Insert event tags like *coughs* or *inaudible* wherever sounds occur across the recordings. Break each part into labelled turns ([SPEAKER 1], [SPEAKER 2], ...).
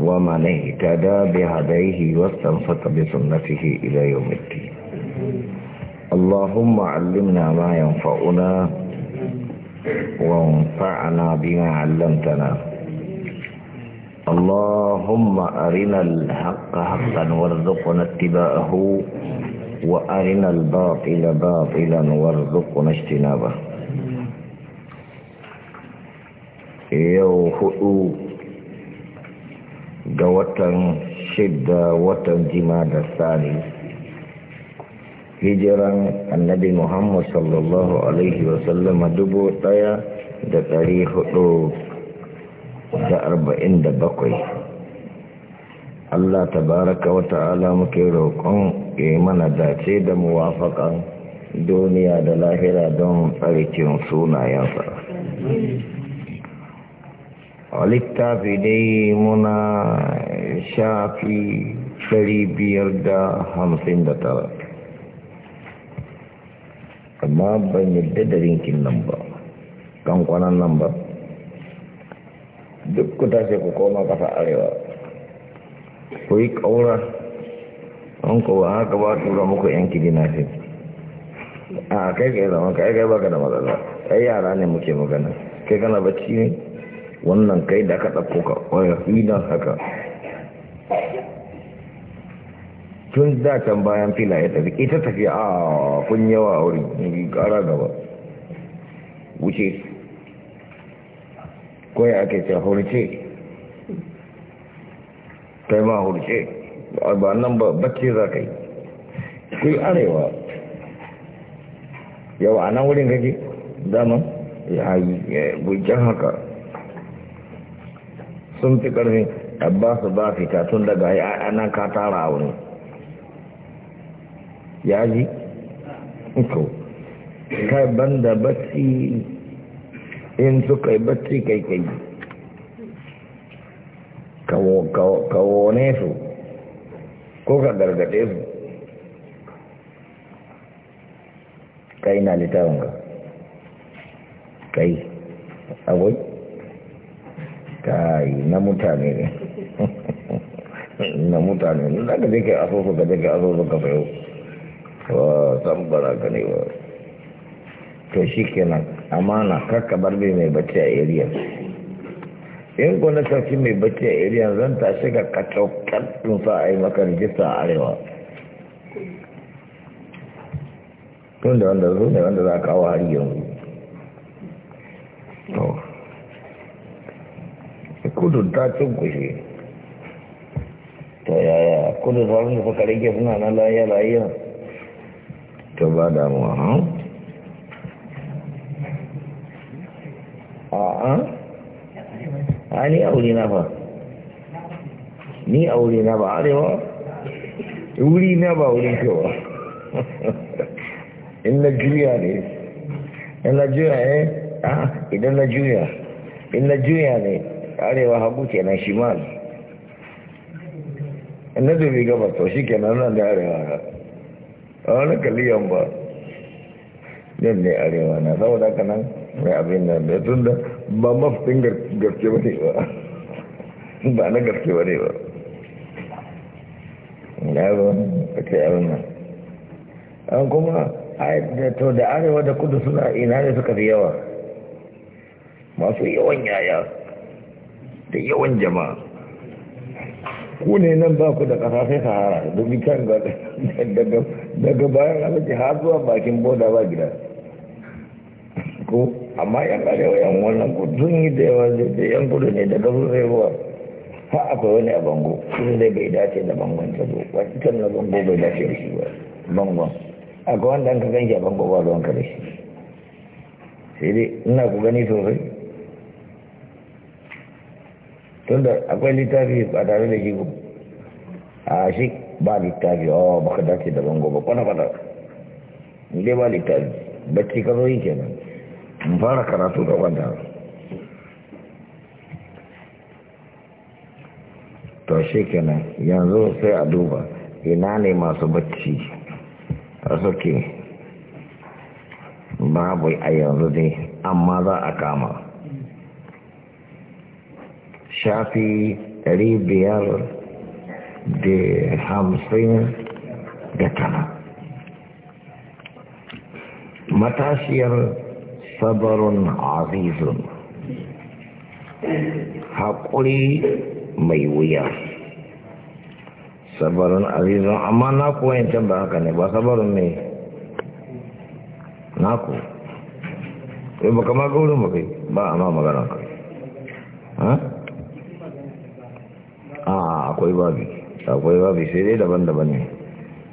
[SPEAKER 1] ومن اهتدى بهديه واستنصت بسنته إلى يوم الدين اللهم علمنا ما ينفعنا وانفعنا بما علمتنا اللهم أرنا الحق حقا وارزقنا اتباعه وأرنا الباطل باطلا وارزقنا اجتنابه يوم ga watan shidda watan jima da sani hijiran annabi muhammad sallallahu alaihi a dubu daya da dari hudu da arba'in da bakwai allah tabaraka wata ala muke roƙon ya mana dace da muwafaƙan duniya da lahira don tsarikin sunayensa littafi dai muna shafi ɗari biyar da hamsin da tara amma ban yadda da rinkin nan ba kan nan ba duk ku tashi ku koma kasa arewa ku yi ƙaura an kowa haka ba tura muku yanki shi a kai kai zama kai kai baka da matsala ai yara ne muke magana kai kana bacci ne wannan kai da aka ɗafo ka ƙwayar idan haka tun da can bayan fila ya tafi ita tafi a ah, kun yawa a wurin ƙara gaba wuce kawai ake ce hurce kai ma hurce ba nan ba bacci za ka yi ku yi arewa yawa a nan wurin gaji daman ya yi gujjan haka sun fi ƙarfi abbasu ba fita tun daga ana ka tara a wani ya ji? ko kai banda bacci in suka yi bacci kai kai kawo ne su ko ka gargade su kai na littafin ka kai agwai kai na mutane ne na mutane ne da ga ke asosu ga da ke asosu ka wa san bara ka ne ba to shi kenan amana kakka bar mai bacci a area in kuna sarki mai bacci a area zan tashi ga kacaukar tun sa a yi maka rijista a arewa tun da wanda zo ne wanda za a kawo har yanzu kudun ta kushe ta yaya kudun sauran da suka rike suna na laye-laye ta ba damuwa ha? a a ni aure na ba ni auri na ba arewa wuri na ba wuri kewa in na juya ne in na juya ne eh? idan na juya in na juya ne arewa hagu kenan shimal na dubi gaba to shi kenan nan da arewa a wani kaliyan ba nan ne arewa na saboda ka nan mai abin nan da tun da ba mafin gaske ba ne ba ba na gaske ba ne ba ya zo a ce yaron nan an kuma to da arewa da kudu suna ina ne suka fi yawa masu yawan yaya da yawan jama'a ku ne nan ba ku da ƙasa sahara domin kan daga bayan alaƙi har zuwa bakin boda ba gida ko amma yan arewa yan wannan ku sun yi da yawa da yan gudu ne daga sun sai ruwa ha akwai wani a bango sun zai bai dace da bangon ta zo wancan na bango bai dace da shi ba bangon akwai wanda an ka ganshi a bango ba ruwan ka da shi sai dai ina ku gani sosai tunda akwai littafi ba tare da jigo a shi ba littafi o baka dace da bango ba kwana-kwana dai ba littafi bacci ka zo yi kenan in fara karatu da wanda to shi kenan yanzu sai a duba ina ne masu bacci a suke babu a yanzu dai amma za a kama shafi ɗari biyar da hamsin da tara matashiyar sabarun azizun haƙuri mai wuya sabarun azizun amma na ba haka ne ba sabarun ne naku gaurin ba kai ba a ma kai a'a akwai babi akwai babi sai dai daban-daban ne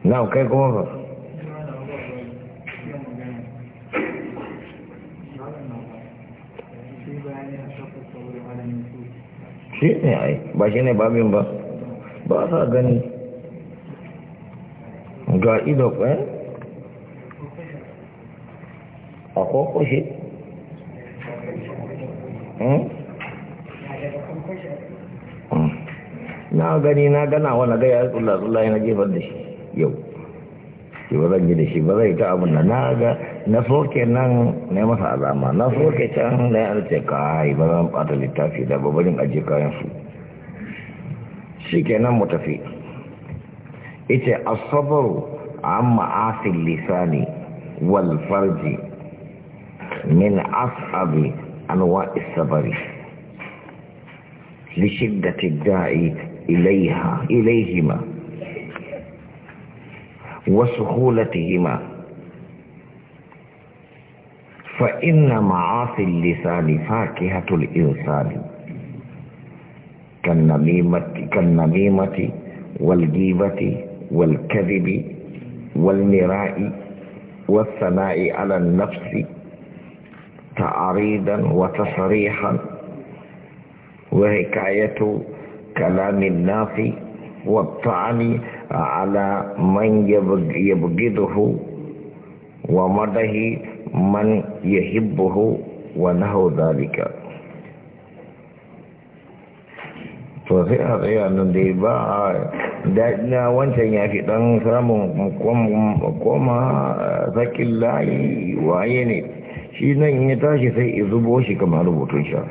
[SPEAKER 1] na kai kuma ba shi ne ai ba shi ne babin ba ba sa gani ga ido kwaye eh? a kwakwashe hmm? na gani na gana wani gaya ya tsula tsula na jefar da shi yau shi ba zan yi da shi ba zai ta abin da na ga na soke nan na yi masa alama na soke can na yi arce yi ba zan bata littafi da babarin ajiye kayan su shi ke nan mu tafi ita asabaru an ma'asin lisani wal farji min as'abi anwa isabari li shiddati da'i إليها إليهما وسهولتهما فإن معاصي اللسان فاكهة الإنسان كالنميمة, كالنميمة والجيبة والكذب والمراء والثناء على النفس تعريضا وتصريحا وحكاية كلام الناس والطعن على من يبغضه ومده من يحبه ونحو ذلك to sai a tsaya nan dai ba a na wancan ya fi ɗan samun koma sakin layi waye ne shi nan ya tashi sai izubo shi kamar rubutun sha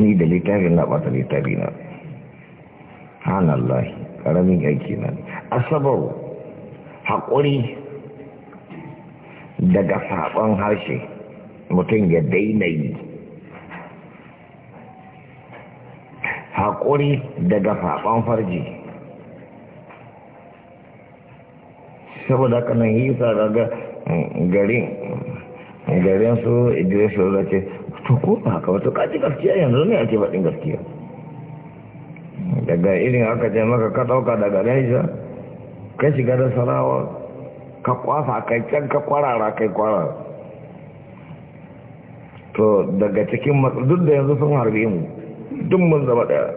[SPEAKER 1] ni da littafin na ɓata littafi na hanallahi ƙaramin aiki na asabar haƙuri daga saɓon harshe mutum ya daina yi haƙuri daga saɓon farji saboda kanan yi sa garin garin su idris ce to ko ba haka to kaji gaskiya yanzu ne ake faɗin gaskiya daga irin aka ce maka ka ɗauka daga naija ka shiga da sarawa ka kwasa kai can ka kwarara kai kwarara to daga cikin duk da yanzu sun harbe mu duk mun zama ɗaya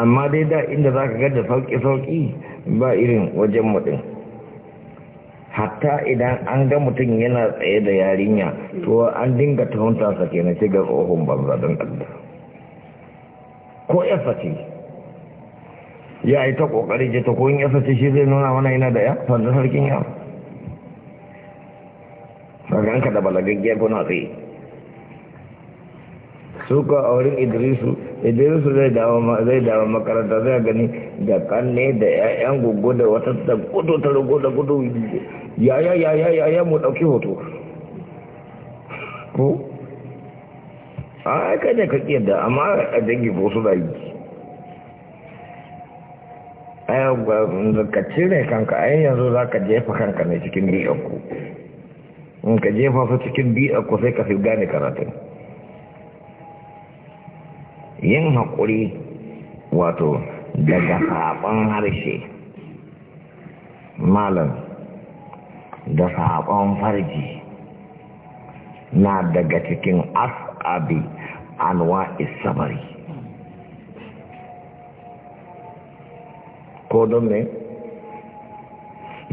[SPEAKER 1] amma dai da inda za ka gada sauƙi-sauƙi ba irin wajen mutum hatta idan an ga mutum yana tsaye da yarinya to an dinga tuhunta sa ke ce ga tsohon banza don Allah ko ya face ya yi ta kokari ce ta koyin ya face shi zai nuna mana yana da ya fanta sarkin ya ka da balagaggiyar kuna tsaye su ka wurin idrisu idris zai dawo zai dawo makaranta zai gani da kanne da ƴaƴan gugu da wata da gudu ta rugu da gudu ya ya ya ya ya ya mu dauki hoto ko a kai ne ka da amma a dangi ko su da yi ka cire kanka a yanzu za ka jefa kanka ne cikin ko in ka jefa su cikin ko sai ka fi gane karatun yin haƙuri wato daga saɓon harshe malam da saɓon farji na daga cikin as'abi anwa isabari ko don ne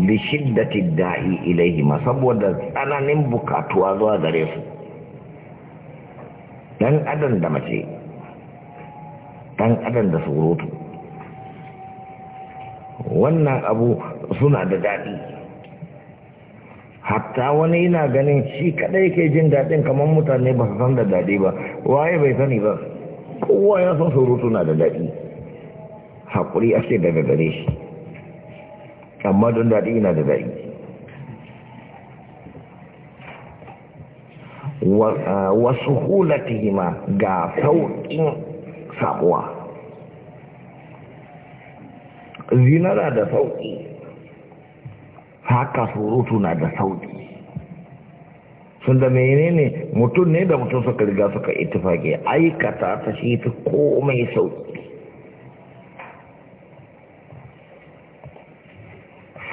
[SPEAKER 1] bishiddati da'i ma saboda tsananin bukatuwa zuwa gare su dan adam da mace dan adam da surutu wannan abu suna da daɗi hatta wani yana ganin shi kadai ke jin daɗin kamar mutane ba su san da daɗi ba waye bai sani ba kowa ya san surutu na da daɗi haƙuri ake daga gare shi amma don daɗi yana da daɗi ah, wasu hulatihima ga sauƙin sabuwa zina na da sauƙi haka surutu na da sauƙi sun da menene mutum ne da mutum suka riga suka itifage aikata ta shi fi komai sauƙi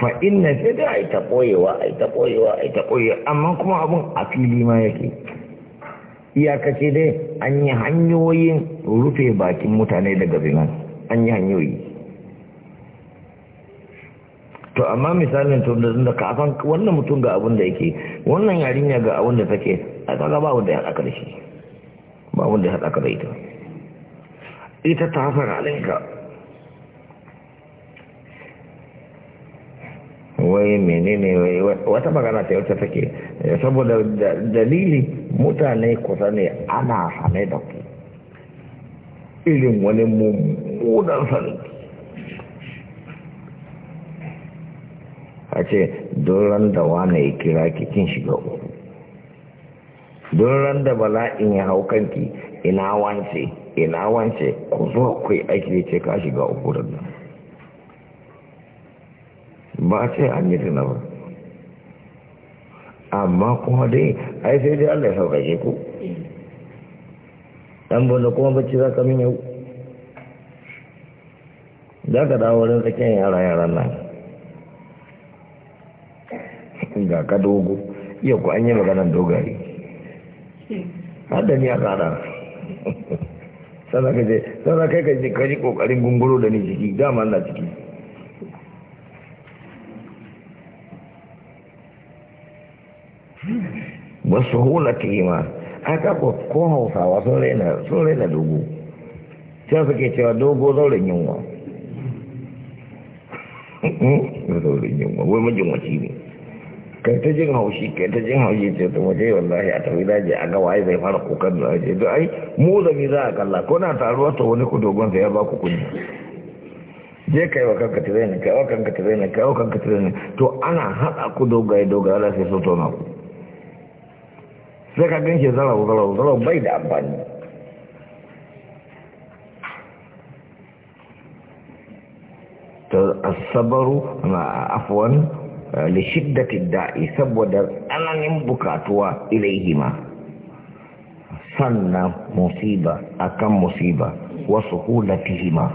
[SPEAKER 1] fa'in na fi da ai ɓoyewa ai ɓoyewa ai ɓoyewa amma kuma abin a fili ma yake iyakace dai an yi hanyoyin rufe bakin mutane daga zinan an yi hanyoyi to amma misalin to da ka san wannan mutum ga abin da yake wannan yarinya ga abin da take a kaga ba wanda ya haɗa da shi ba wanda ya haɗa da ita ita ta fara alinka wai menene wata magana ta yau ta take saboda dalili mutane kusa ne ana hane da ku irin wani mummunan sanin ce doron da wane ya kira kikin shiga uku doron da bala'in ya hau kanki ina wance ina wance ku zo kai aiki aiki ce ka shiga uku da nan ba ce an yi tuna ba amma kuma dai ai sai dai allai ya sauƙaƙe ku ɗan bane kuma bacci za ka min yau za ka dawo wurin tsakiyar yara yaran nan ga ka dogo iya ku an yi maganan dogari haddani a tsara sana ka ce sana kai ka ce ka ji kokarin gunguro da ni jiki dama na ciki wasu hula ma haka ko ko hausawa sun raina sun dogo sai suke cewa dogo zauren yunwa *laughs* zauren yunwa wai majin wasi ne kai ta jin haushi kai ta jin haushi ce to waje wallahi a tafi daji a gawa zai fara kukan da aje to ai mu da mi za a kalla ko na taruwa to wani ku dogon sai ya ba ku kunya je kai wa kanka tare ne kai wa kanka tare ne kai wa kanka tare ne to ana hada ku dogaye dogaye Allah sai so to na ku sai ka ganke zarau zara zara bai da amfani to asabaru na afwan آه، لشدة الداء سبب أنا بكاتوا إليهما سنة مصيبة أكم مصيبة وسهولة فيهما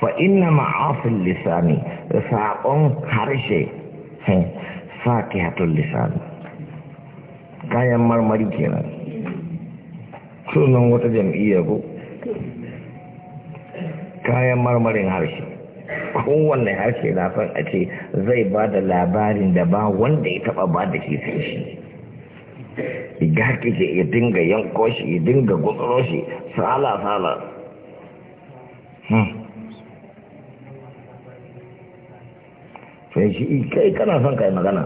[SPEAKER 1] فإن معاصي اللسان ساقون هرشي فاكهة اللسان kayan مرمري kenan sunan wata jam'iyya ko kayan kowanne harshe na son a ce zai ba da labarin da ba wanda ya taba ba da shi sai shi iga kike ya dinga yanko shi ya dinga gutsuro shi sala sala hmm. sai shi eh, kai kana son kai magana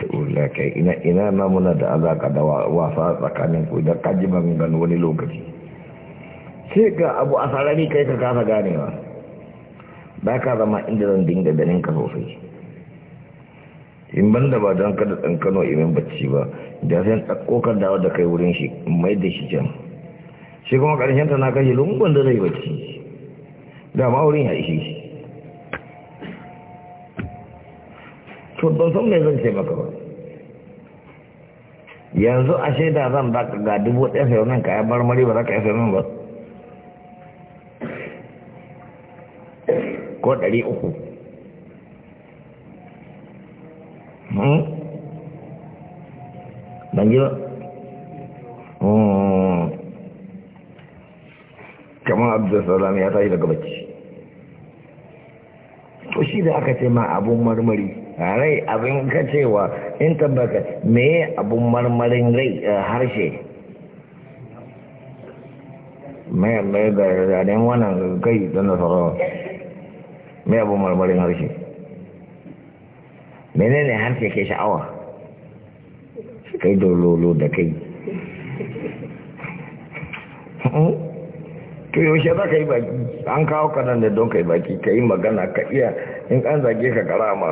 [SPEAKER 1] Ula mm-hmm. oh, kai ina ina namuna da alaka da wasa tsakanin ku da kaji ban wani lokaci. sai ga abu a sarari kai ka kasa ganewa ba ka zama inda zan dinga ganin ka sosai in ban da ba don kada ɗan kano imin bacci ba da sai ɗakko kan dawo da kai wurin shi mai da shi can shi kuma ƙarshen ta na kashe lungun da zai bacci da ma wurin ya ishe shi to don san mai zan ce maka ba yanzu a shaida zan baka ga dubu ɗaya sayo nan ka ya bar mari ba za ka ya sayo nan ba ko ɗari uku hmm? ban ji ba hmm. abdulsalam ya tashi daga bacci to shi da aka ce ma abun marmari rai abin ka cewa in tabbata meye abun marmarin rai eh, harshe mai mai ga wannan kai don da sauransu me abu marmarin harshe menene harshe ke sha'awa su kai dololo da kai *laughs* to yaushe za ka yi baki an kawo kanan da don ka yi baki ka yi magana ka iya in an zage ka karama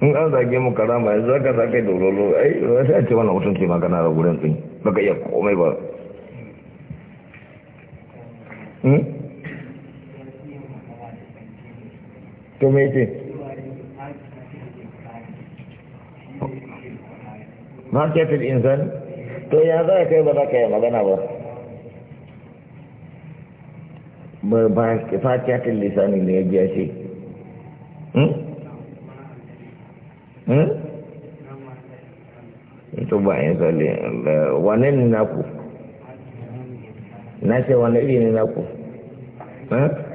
[SPEAKER 1] in an zage mu karama yanzu za ka za ka yi dololo ai a ce wannan mutum ke magana da wurin tsini baka iya komai ba hmm? to me ce marketed insan to ya za kai ba za ka yi magana ba ba ba ne ya biya shi hmm? hmm? to ba yin tsali wane ne naku na ce wane iri ne naku eh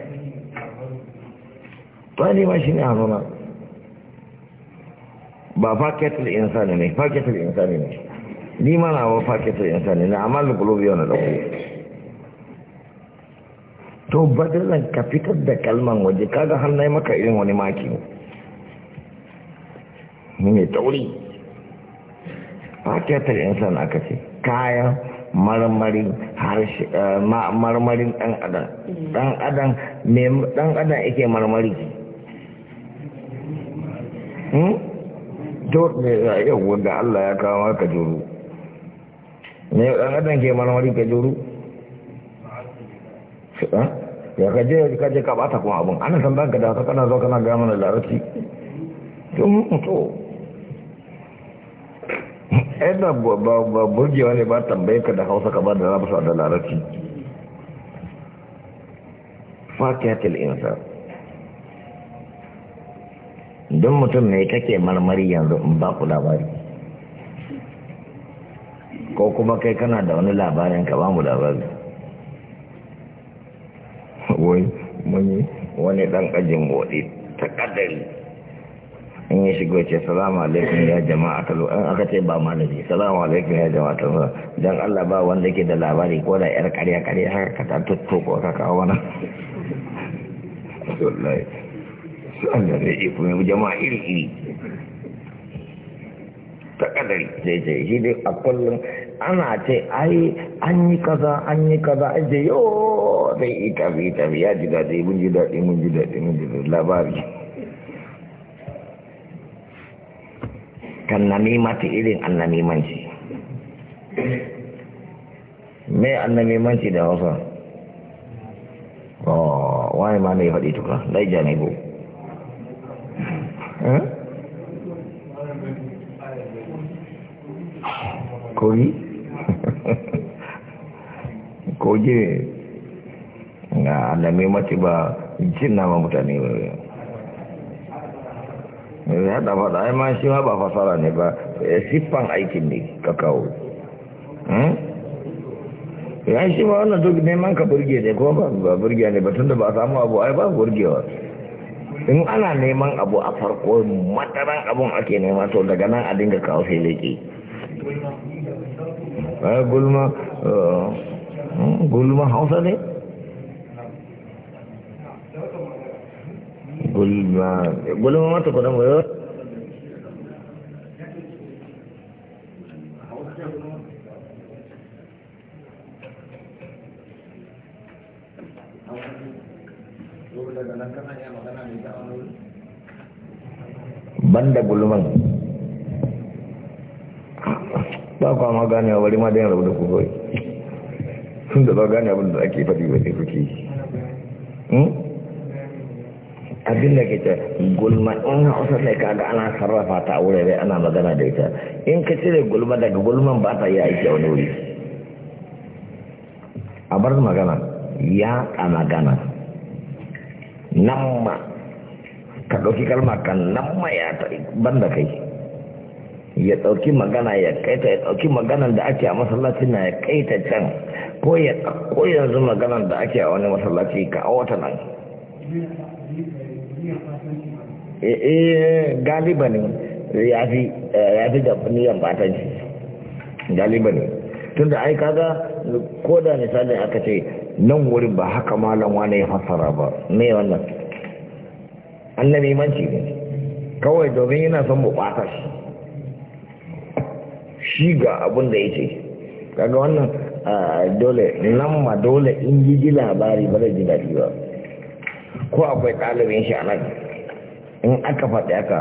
[SPEAKER 1] wani ma shi ne haruna ba faketul insani ne faketul insani ne ni ma na wa faketul insani ne amma da lukulubi yana da ku to badalan ka fitar da kalman waje kaga har na maka irin wani maki ne mai tauri faketul insani aka ce kaya eh, marmarin harshe marmarin dan adam dan adam me dan adam yake marmari jor hmm? ne za a yau wanda Allah ya kawo maka joro ne ɗan adam ke marmari ka joro ya kaje kaje ka bata kuma abun ana san banka da ka kana zo kana ga mana larabci tun to ɗan eh, ba burgewa ne ba tambaye ka da hausa ka ba da rabasa da larabci fakiyatul insan don mutum ne kake marmari yanzu in ba ku labari ko kuma kai kana da wani labarin ka ba mu labari wai muni wani dan ajin bodi ta kadari in yi shigo ce salamu alaikum ya jama'a talo an aka ce ba malami salamu alaikum ya jama'a talo don allah ba wanda ke da labari ko da yar karya karya haka ka ta ko ka kawo *laughs* wallahi Allah zai iya kuma jama'a iri-iri ta kadari daidai shi dai a kullum ana ce ai an yi kaza an yi kaza an ce yoo zai yi tafi tafi ya ji daɗi mun ji daɗi mun ji daɗi mun ji daɗi labari kan namima ta irin an namimanci me an namimanci da hausa oh, wani ma ne faɗi tuka dai jami'u. kogi eh? Ko *laughs* je? na annami mace ba jin nama mutane ba ne ya da faɗa ai ma shi ma ba fasara ne eh, ba siffan aikin ne ka kawo hmm? ya shi ma wannan duk neman ka burge ne kuma ba burge ne ba tun da ba samu abu ai ba burgewa in ana neman abu a farko mataran abun ake nema to daga nan a dinga kawo sai eh, eh, gulma hausa ne gulma gulma mata kudan wayo eh. ma gane wa bari ma yin rabu da ku kawai sun da ba gane abin da ake faɗi ba sai kuke hmm? abin da ke ta gulma in hausa ne kaga ana sarrafa ta a wurare ana magana da ita in ka cire gulma daga gulman ba ta yi aiki a wani wuri a bar magana ya a magana nan ma ka ɗauki kalma kan nan ma ya ta ban da kai ya ɗauki magana ya kaita ya ɗauki maganan da ake a masallaci na ya kaita can ko ya ɗauko yanzu maganan da ake a wani masallaci ka a wata nan eh, eh galiba ne ya fi eh, da niyan batanci galiba ne tunda ai kaga ko da misali aka ce nan wurin ba haka malam wani ya fassara ba me wannan annabi manci ne kawai domin yana son mu shi shi ga abin da ya kaga wannan dole nan ma dole in ji ji labari ba da ji daɗi ba ko akwai ɗalibin shi a nan in aka faɗi aka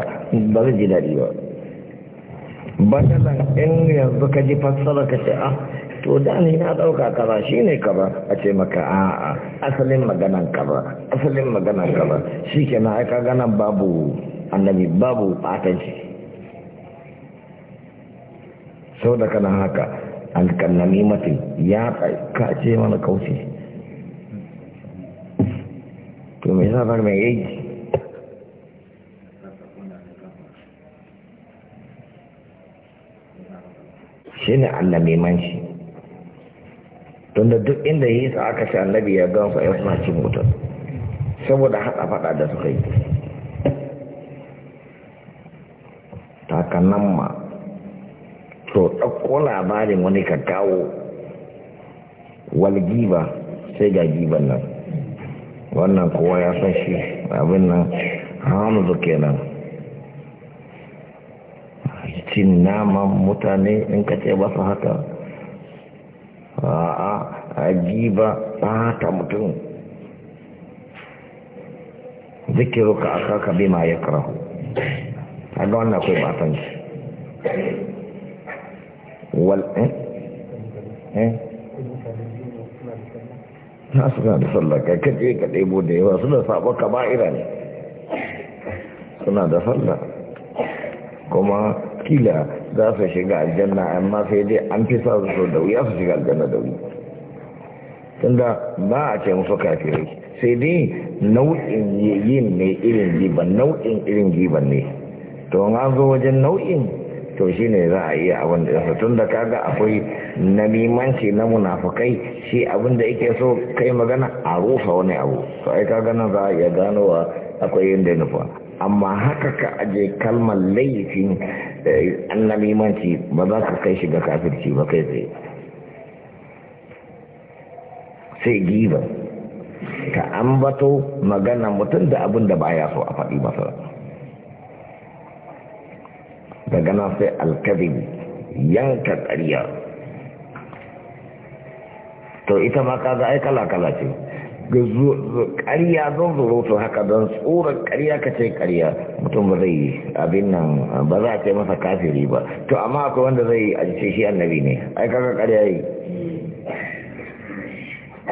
[SPEAKER 1] ba da ji daɗi ba basalan in yanzu ka ji fassara ka ce ah to da ni na ɗauka kaza shi ne kaza a ce maka a'a asalin maganan kaza asalin maganan kaza shi ke na aika ganan babu annabi babu ɓatanci sau da kana haka alƙannami mafi ya kace mana kauce to mai sa mai yanki shi ne annabi manshi tunda duk inda yi sa aka ce annabi ya gafa ya kwaci motar saboda haɗa faɗa da suka yi takannan ma to ɗauko labarin wani ka kawo walgiba sai ga giban nan wannan kowa ya san shi abin nan hamzu kenan cin naman mutane in ka ce ba su haka a giba ɓata mutum zikiru ka aka ka bi ma ya karahu a ga wannan akwai batanci wal eh eh na suna da sallah kai kaje ka debo da yawa suna sabo kaba'ira ne suna da sallah kuma kila za su shiga aljanna amma sai dai an fi sa su da wuya su shiga aljanna da wuya tunda ba a ce musu kafirai sai dai nau'in yin ne irin giban nau'in irin giban ne to an zo wajen nau'in to shi ne za a iya abin da yasa tun da kaga akwai namimanci na munafukai shi abin da yake so kai magana a rufa wani abu to ai kaga nan za a iya ganowa akwai yin da nufa amma haka ka aje kalmar laifin an eh, namimanci ba za ka kai shi ga kafirci ba kai tsaye sai giba ka ambato magana mutum da abin da ya so a faɗi masa daga nan sai alkazin yanka ƙarya to ita ma a yi kala-kala ce ƙarya zan zuroto haka don tsoron ƙariya ka ce ƙariya mutum ba zai yi abin nan ba za a ce masa kafiri ba to amma akwai wanda zai yi a ce shi annabi ne aikaka ƙariya yi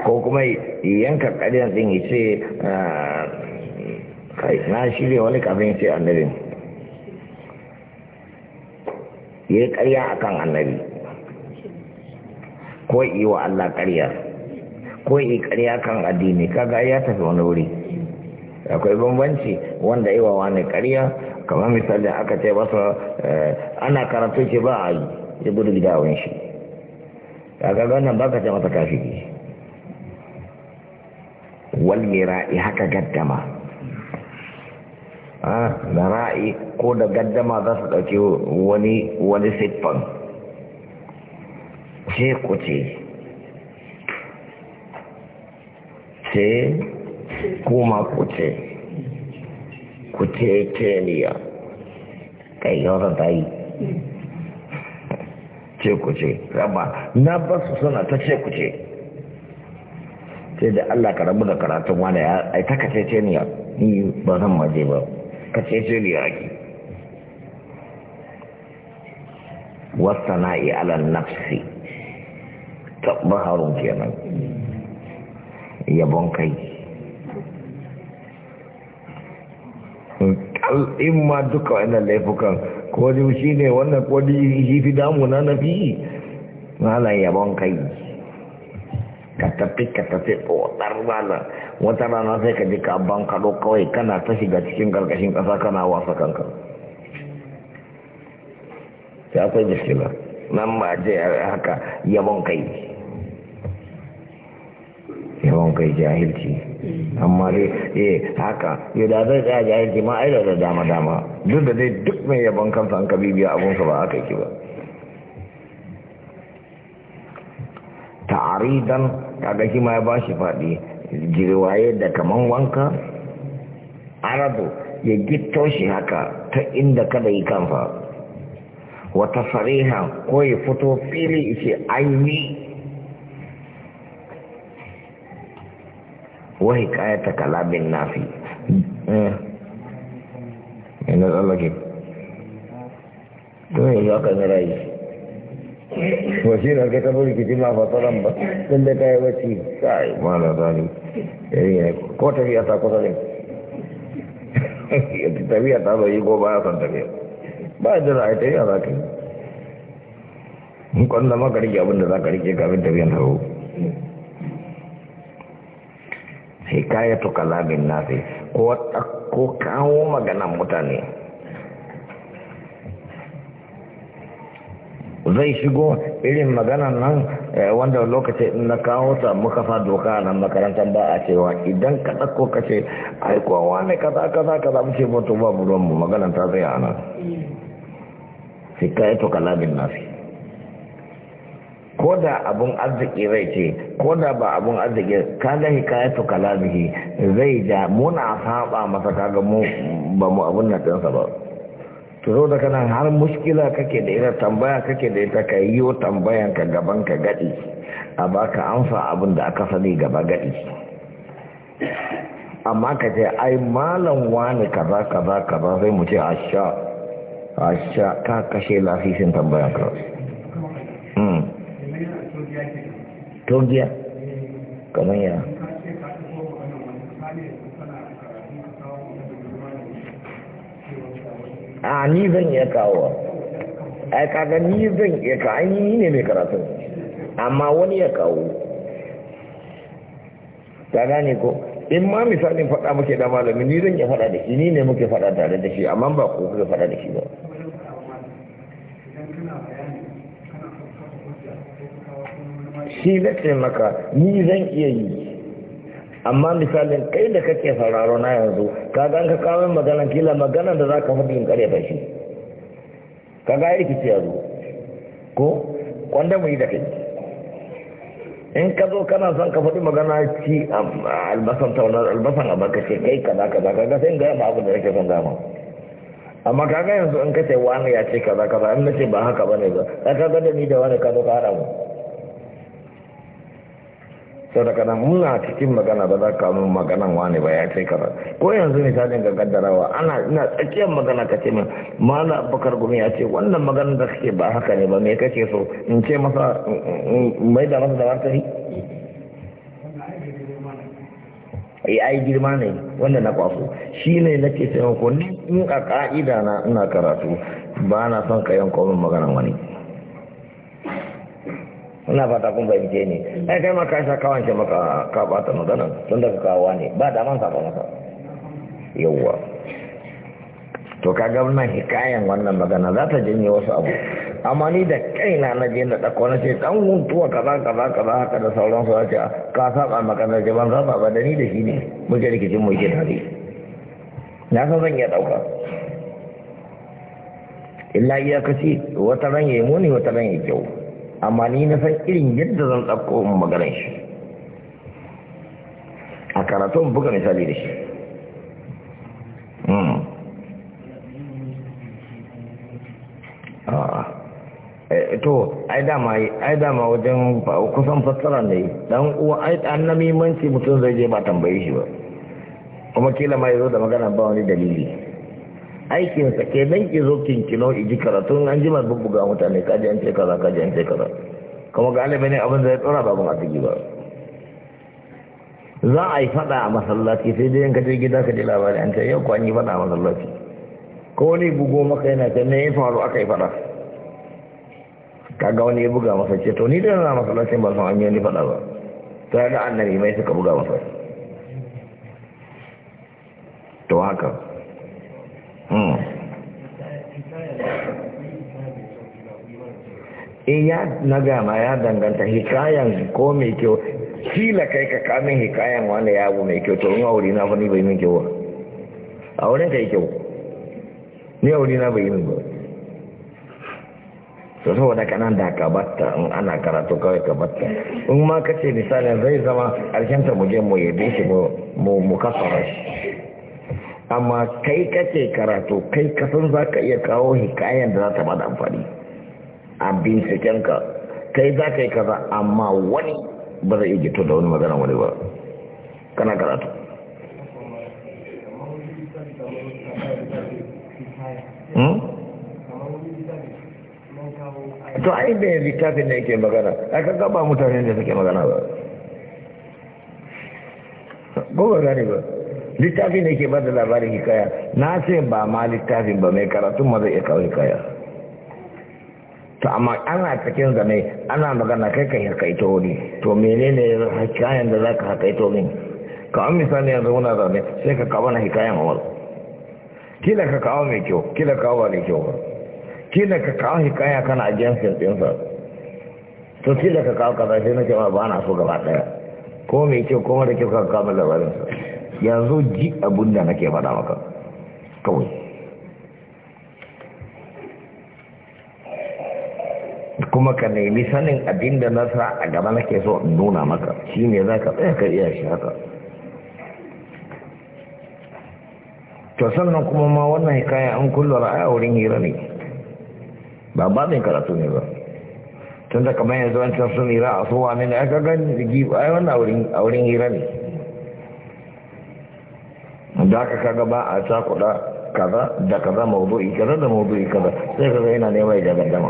[SPEAKER 1] ko kuma yanka ƙariya zai yi ce ah, kai na shirya wani kafin ce annabin ya yi ƙarya a kan annabi ko yi wa Allah ƙarya ko yi ƙarya kan addini kaga ya tafi wani wuri akwai bambanci wanda yi wa wani ƙarya kamar misali aka ce masa eh, ana karatu ce ba a yi ya gudu gidawan shi kaga wannan ba ka ce masa kafi wal mira'i haka gaddama Ah, da ra'ayi ko da gaddama za su ɗauki wani wani siffan ce ku ce ce kuma ku ce ku ce niya kai yawon ta yi ce ku ce raba na ba su suna ta ce ku ce sai da allah ka rabu da karatun wani ya aitaka ce niya ni ba zan maje ba ka cece ni yaki wasana'i ala nafsi baharun kenan yabon kai in ma duka wannan laifukan ko shi ne wannan kodi shi fi damuna na fi malan yabon kai ka tafi ka tafi tsotar rana wata rana sai ka ji ka ban kaɗo kawai kana ta shiga cikin ƙarƙashin ƙasa kana wasa kanka ta kai jiskila nan ba je haka yabon kai yabon kai jahilci amma dai eh haka yau da zai tsaya jahilci ma aida da dama dama duk da dai duk mai yabon kansa an ka bibiya abunsa ba aka ki ba ta'aridan kaga shi ma ya ba shi faɗi girwaye da kaman wanka arabu ya gitto shi haka ta inda kada yi kanfa wata fariha ko ya fito fili ishe ainihi. wahi ta kalamin nafi eh. ina tsallake to yanzu aka nira yi wasira ka taɓa kiti ma fasaran ba tun da ka yi wacce kai mana zani eh, ko ta tafiya ta kusa ne *laughs* tafiya ta ba yi ko ba ya san tafiya ba da za a yi tafiya za ka yi in kwanda ma ka rike abin da za ka rike kafin tafiyan ta hau hikayatu kalamin nasi ko ko kawo maganan mutane zai shigo irin maganan nan eh, wanda lokaci na kawo ta muka fa doka a nan makarantar ba a cewa idan ka ɗauko ka ce aikowa wani kaza kaza kaza muke mutu ba mu ruwanmu maganan ta zai a nan fikayeto kalamin nafi ko da abun arziki zai ce ko da ba abun arziki ka hikaya to kalamihi zai ja muna saba masa kaga mu ba mu abun na ba to yau da kana har muskila kake da ita tambaya kake da ita ka yi tambayan ka gaban ka gadi a baka amsa abin da aka sani gaba gadi amma ka ce ai malam wani kaza kaza kaza sai mu ce asha asha ka kashe lafisin tambayan ka hmm. togiya kamar yana a ni zan iya kawo ai kaga ni zan iya ka an yi ne mai karatu amma wani ya kawo ta gane ko in ma misalin faɗa muke da malami ni zan iya faɗa da shi ni ne muke faɗa tare da shi amma ba ku kuka faɗa da shi ba shi zai maka ni zan iya yi amma misalin kai da kake sauraro na yanzu ka ga ka kawai maganan kila maganan da za ka faɗi in kare ba shi ka ga ya rikici yanzu ko kwanda mu yi da kai in ka zo kana son ka faɗi magana ci albasan taunar albasan a baka ce kai kaza kaza kaga ga sai in gaya ma abu da nake son dama amma ka ga yanzu in ka ce wani ya ce kaza kaza in na ce ba haka ba ne ba ka ga da ni da wani ka zo ka haɗa mu sau da kanan muna cikin magana ba za ka mun maganan wani ba ya ce kaza ko yanzu misalin ga gaddarawa ana ina tsakiyar magana ka ce min mala bakar gumi ya ce wannan magana da suke ba haka ne ba me kake so in ce masa mai da masa da martani ai yi girma ne wanda na kwaso shi ne nake taimako ni in a ka'ida na ina karatu ba na son ka yanko min maganan wani ina fata kun fahimce ni mm. ai kai ma ka sha kawan ke maka ka bata magana tun daga kawa ne ba da man saba maka Yawa, to ga wannan hikayen wannan magana za ta janye wasu abu amma ni da kaina na je na dako na ce dan huntuwa kaza kaza kaza haka da sauran su ce ka saba magana ce ban saba ba da ni da shi ne muke rikicin mu yake tare na san zan iya dauka illa iya kashi wata ran yayi muni wata ran yayi kyau amma ni na san irin yadda zan tsakko in maganin shi a karatun buga misali da shi hmm. eh, to ai dama ai dama wajen kusan fassara ne dan uwa ai dan namimanci mutum zai je ba tambaye shi ba kuma kila ma yazo da magana ba wani dalili aikinsa ke nan ki zo kinkino iji karatun an jima bubbuga mutane ji an ce kaza ji an ce kaza kuma galibi ne abin da ya tsora babin asigi ba za a yi fada a masallaci sai dai ka je gida ka ji labari an ce yau ko an yi fada a masallaci ko wani bugo maka yana ta ne ya faru aka yi fada kaga wani ya buga masa ce to ni da na masallacin ba san an yi wani fada ba ta ga annabi mai suka buga masa to haka Hmm. Iya ya na gama ya danganta hikayan ko mai kyau kila kai ka kamin hikayan wanda ya abu mai kyau to in aure na fani bai min kyau a wurin ka yi kyau ni aure na bai min kyau to da kanan da ka batta in ana karatu kawai ka batta in ma kace misalin zai zama karshen ta mu je mu yi shi mu mu kasara amma kai ka kace karatu kai kasan za ka iya kawo hikayen da za ta bada amfani a bincikenka kai za ka yi kaza amma wani ba zai iya gito da wani magana wani ba kana karatu hmm?
[SPEAKER 2] to ai da ya littafin
[SPEAKER 1] da yake magana a kaga ba mutane da suke magana ba gobe gane ba littafi ne ke da labarin hikaya na ce ba ma littafin ba mai karatun ma zai iya kawo hikaya to amma ana cikin zane ana magana kai ka hakaito wani to menene hikayen da za ka hakaito min ka an misali yanzu muna zane sai ka kawo na hikayen awal kila ka kawo mai kyau kila kawo ba da kyau ba kila ka kawo hikaya kana a ajiyar sirɗinsa to kila ka kawo kaza sai na ce ba na so gaba ɗaya ko mai kyau ko mara kyau ka kawo labarin sa. yanzu ji abin da nake faɗa maka kawai kuma ka nemi sanin abin da na sa a gaba nake so nuna maka shi ne za ka tsaye ka iya shi haka to sannan kuma ma wannan hikaya an kullum a wurin hira ne ba ba babin karatu ne ba tun da kamar yanzu an can sun hira a suwa ne na aka gani da gibu ai wannan a wurin hira ne da aka kaga ba a cakuɗa kaza da kaza mawdu'i kaza da mawdu'i kaza sai kaza yana nema ya gardama dama.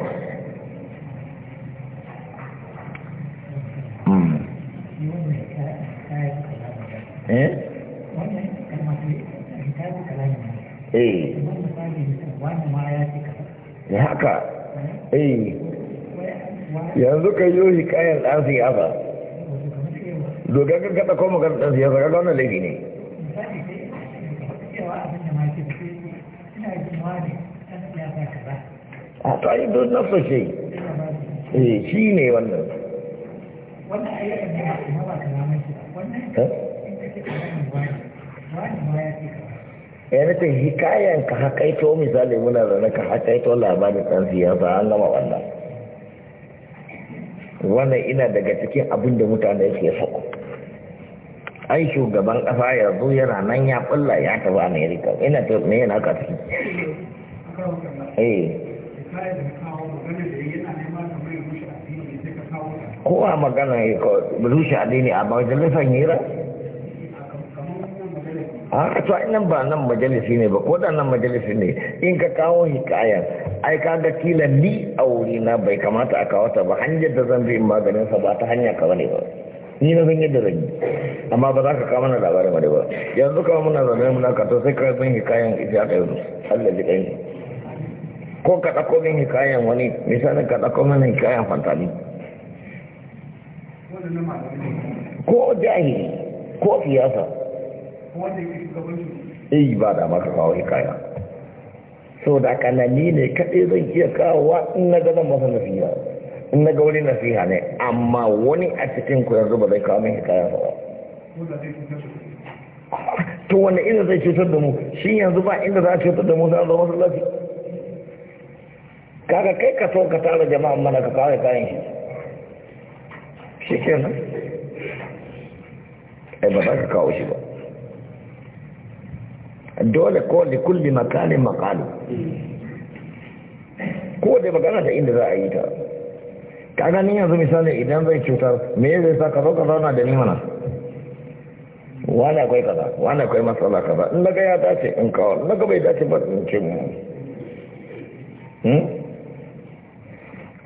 [SPEAKER 1] Hmm. Eh? Eh. haka eh. yanzu ka yi hikayar ɗansu ya ba dogon gaggada ko magana ɗansu ya zaga wannan laifi ne
[SPEAKER 2] a to ai don na so shi
[SPEAKER 1] eh shi ne wannan
[SPEAKER 2] wannan ayyukan da ba ta
[SPEAKER 1] ya eh, ka hakaito misali muna zane ka hakaito labarin ɗan siyasa an gama wannan wannan ina daga cikin abin da mutane ke sako ai shugaban ƙasa yanzu yana nan ya ɓulla ya tafi amerika ina ta ne yana ka eh ko a magana rushe adini a majalisar hira a to nan ba nan majalisi ne ba ko da nan majalisi ne in ka kawo hikayar ai ka ga kila ni a wurina bai kamata a kawata ba hanyar da zan bi in maganin sa ba ta hanya ka ne ba ni na zan yadda zan yi amma ba za ka kawo mana labarin wani ba yanzu kawo muna zaune muna kato sai ka yi hikayen ita ka yanzu Allah ji kai ko ka ɗauko min hikayen wani misalin ka ɗauko min hikayen fantani ko jahili ko siyasa eh ba da maka kawo hikaya so da kanani ne kaɗai zan iya kawowa in na ga zan masa nasiha in na ga wani nasiha ne amma wani a cikin ku yanzu ba zai kawo min hikaya ba to wanda ina zai cutar da mu shi yanzu ba inda za a cutar da mu za a zo masallaci kaga kai ka so ka tara jama'an mana ka kawai kayan shi shi ke nan ai ba za ka kawo shi ba dole ko da kulli makalin makalu ko da magana ta inda za a yi ta kaga ni yanzu misali idan zai cutar me zai sa ka zo ka zauna da ni mana wani akwai kaza wani akwai matsala kaza in daga ya dace in kawo in daga bai dace ba in ce mu hmm?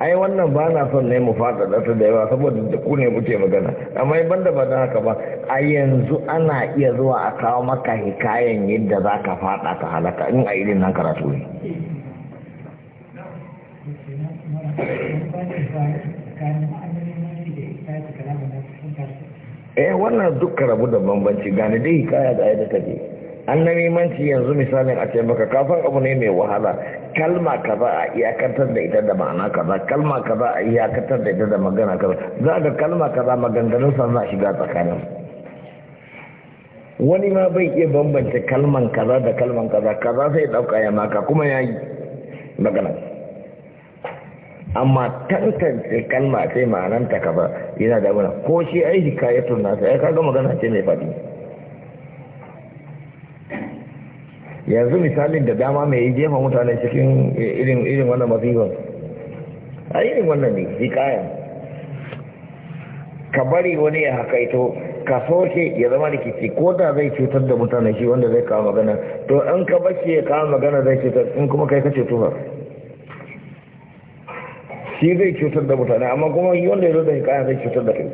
[SPEAKER 1] ai wannan ba na son ne mu fada da ta da yawa saboda da ku ne muke magana amma ban da ba haka ba a yanzu ana iya zuwa a kawo maka hikayen yadda za ka fada ka halaka in a irin nan karatu ne eh wannan duk rabu da bambanci gane dai hikaya da ayyuka take An na mimanci yanzu misalin a ce maka kafin abu ne mai wahala kalma kaza a iyakantar da ita da ma'ana kaza kalma kaza a iyakantar da ita da magana kaza za ga kalma kaza maganganun sa za shiga tsakanin wani ma bai iya bambance kalman kaza da kalman kaza kaza sai dauka ya maka kuma ya yi magana amma tantance kalma sai ma'ananta kaza yana da ko shi aiki kayatun nasa ya kaga magana ce mai faɗi yanzu misalin da dama mai jefa mutane cikin irin irin wannan masifan a irin wannan ne hikayan ka bari wani ya hakaito ka soke ya zama rikici ko da zai cutar da mutane shi wanda zai kawo magana to an ka bashi ya kawo magana zai cutar in kuma kai kace tufa shi zai cutar da mutane amma kuma yi wanda ya zo da hikayan zai cutar da kai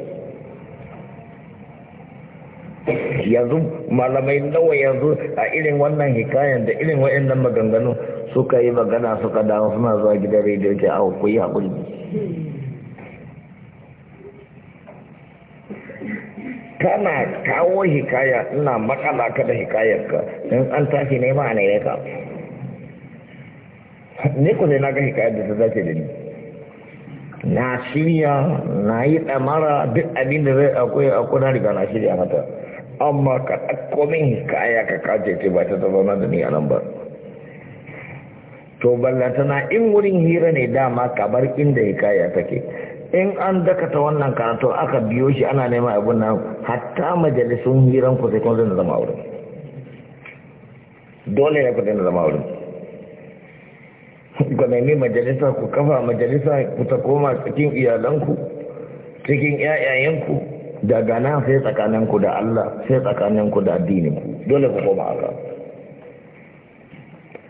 [SPEAKER 1] yanzu malamai nawa yanzu a irin wannan hikayen da irin wa'annan maganganu suka yi magana suka dawo suna zuwa gidan rediyo ke a ku yi haƙuri kana kawo hikaya ina matsala ka da ka in an tashi ne ma ne ka ne ku sai na ga hikayar da ta dace da ni na shirya na yi ɗamara duk abin da zai akwai akwai na riga na shirya mata amma ka ɗakko min aya ka kace ce ba ta zauna da ni a nan ba to tana in wurin hira ne dama kabar inda kaya take in an dakata wannan karatu aka biyo shi ana neman abin nan hatta majalisun hiran ku sai kun zai zama wurin dole ne ku zai zama wurin ku ne majalisa ku kafa majalisa ku ta koma cikin iyalanku cikin 'ya'yayenku daga nan sai tsakaninku da Allah sai tsakaninku da addininku dole ku koma Allah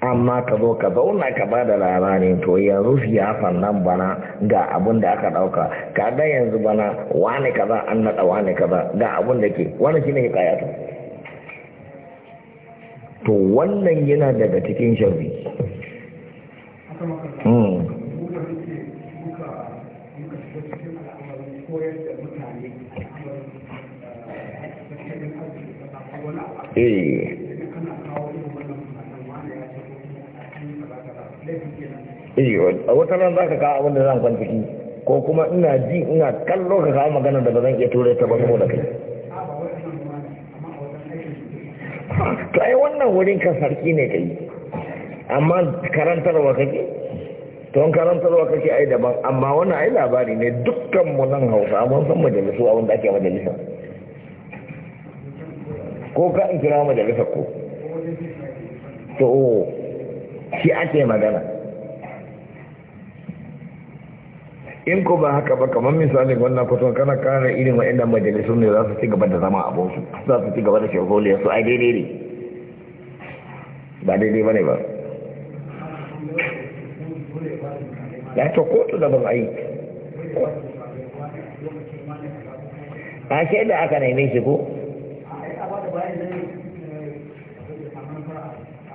[SPEAKER 1] amma ka zo ka zauna ka ba da labarin to yanzu siyafan nan bana ga abin da aka dauka ga yanzu bana wani kaza an naɗa wani kaza ga abin da ke wani shi ne kayata to wannan yana daga cikin sharri hmm. Eh. Eh, a wata za ka kawo abin da zan ko kuma ina ji ina kallo ka kawo magana da ba zan iya turai ta ba saboda kai to ai wannan wurin ka sarki ne kai amma wa kake to an wa kake ai daban amma wannan ai labari ne dukkan mu nan hausa mun san majalisu abin da ake majalisa ko ka in kira majalisa ko to shi ake magana in ko ba haka ba kamar misali wannan kusan kana kana irin wa'annan majalisun ne za su ci gaba da zama bosu za su ci gaba da shirholiyar su ai daidai ne ba daidai ba ne ba
[SPEAKER 2] ya ta kotu da ban ai
[SPEAKER 1] a shaida aka neme shi ko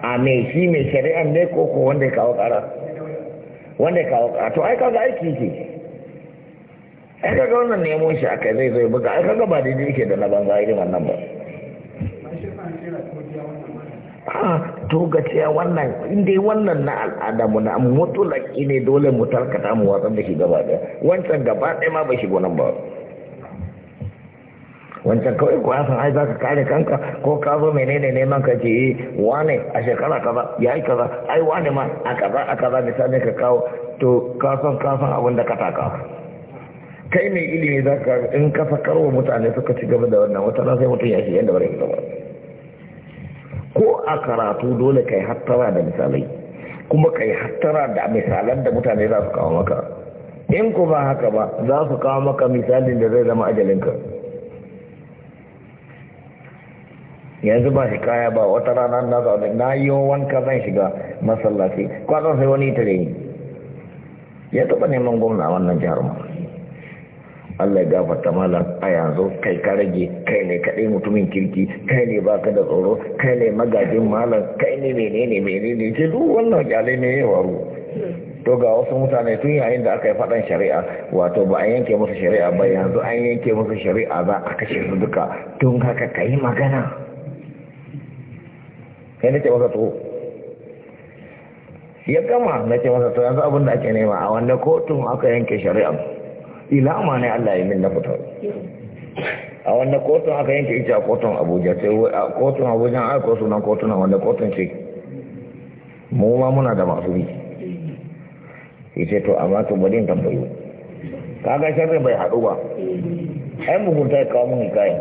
[SPEAKER 1] a mai shi mai shari'ar ne ko ko wanda ya kawo ƙara wanda ya kawo ƙara to ai kaga aiki ke ai kaga wannan nemo shi aka zai zai buga ai kaga ba daidai yake da na banza irin wannan ba a to gaciya wannan inda wannan na al'ada mu na mutulaki ne dole mu tarkata mu watsar da shi gaba da, wancan gaba ɗaya ma ba shi gonan ba wancan kawai ko san ai ka kare kanka ko ka zo menene neman ka ce wane a shekara kaza yayi kaza ai wane ma a kaza a kaza misali ka kawo to ka san ka san abin da ka taka kai mai ilimi za zaka in ka wa mutane suka ci gaba da wannan wata sai mutum ya shi yadda bari ka ba ko a karatu dole kai hattara da misalai kuma kai hattara da misalan da mutane za su kawo maka in ku ba haka ba za su kawo maka misalin da zai zama ajalinka yanzu ba shi kaya ba wata rana na zaune na yi wanka zan shiga masallaci kwanan sai wani tare yi ya taba neman gwamna wannan jihar ma Allah ya gafarta malam a yanzu kai ka rage kai ne kaɗai mutumin kirki kai ne baka da tsoro kai ne magajin malam kai ne menene menene ce duk wannan kyale ne ya waru to ga wasu mutane tun yayin da aka yi faɗan shari'a wato ba a yanke musu shari'a ba yanzu an yanke musu shari'a za a kashe su duka tun haka ka yi magana kai na ce masa tsoho ya gama na ce masa tsoho yanzu abin da ake nema a wannan kotun aka yanke shari'a ma ne Allah ya min na fitar a wannan kotun aka yanke ita a kotun abuja sai a kotun abuja an aiko sunan kotun a wanda kotun ce mu ma muna da masu bi sai ce to amma to bari in tambayo kaga sharri bai haɗu ba ai mugunta ya kawo mun kayan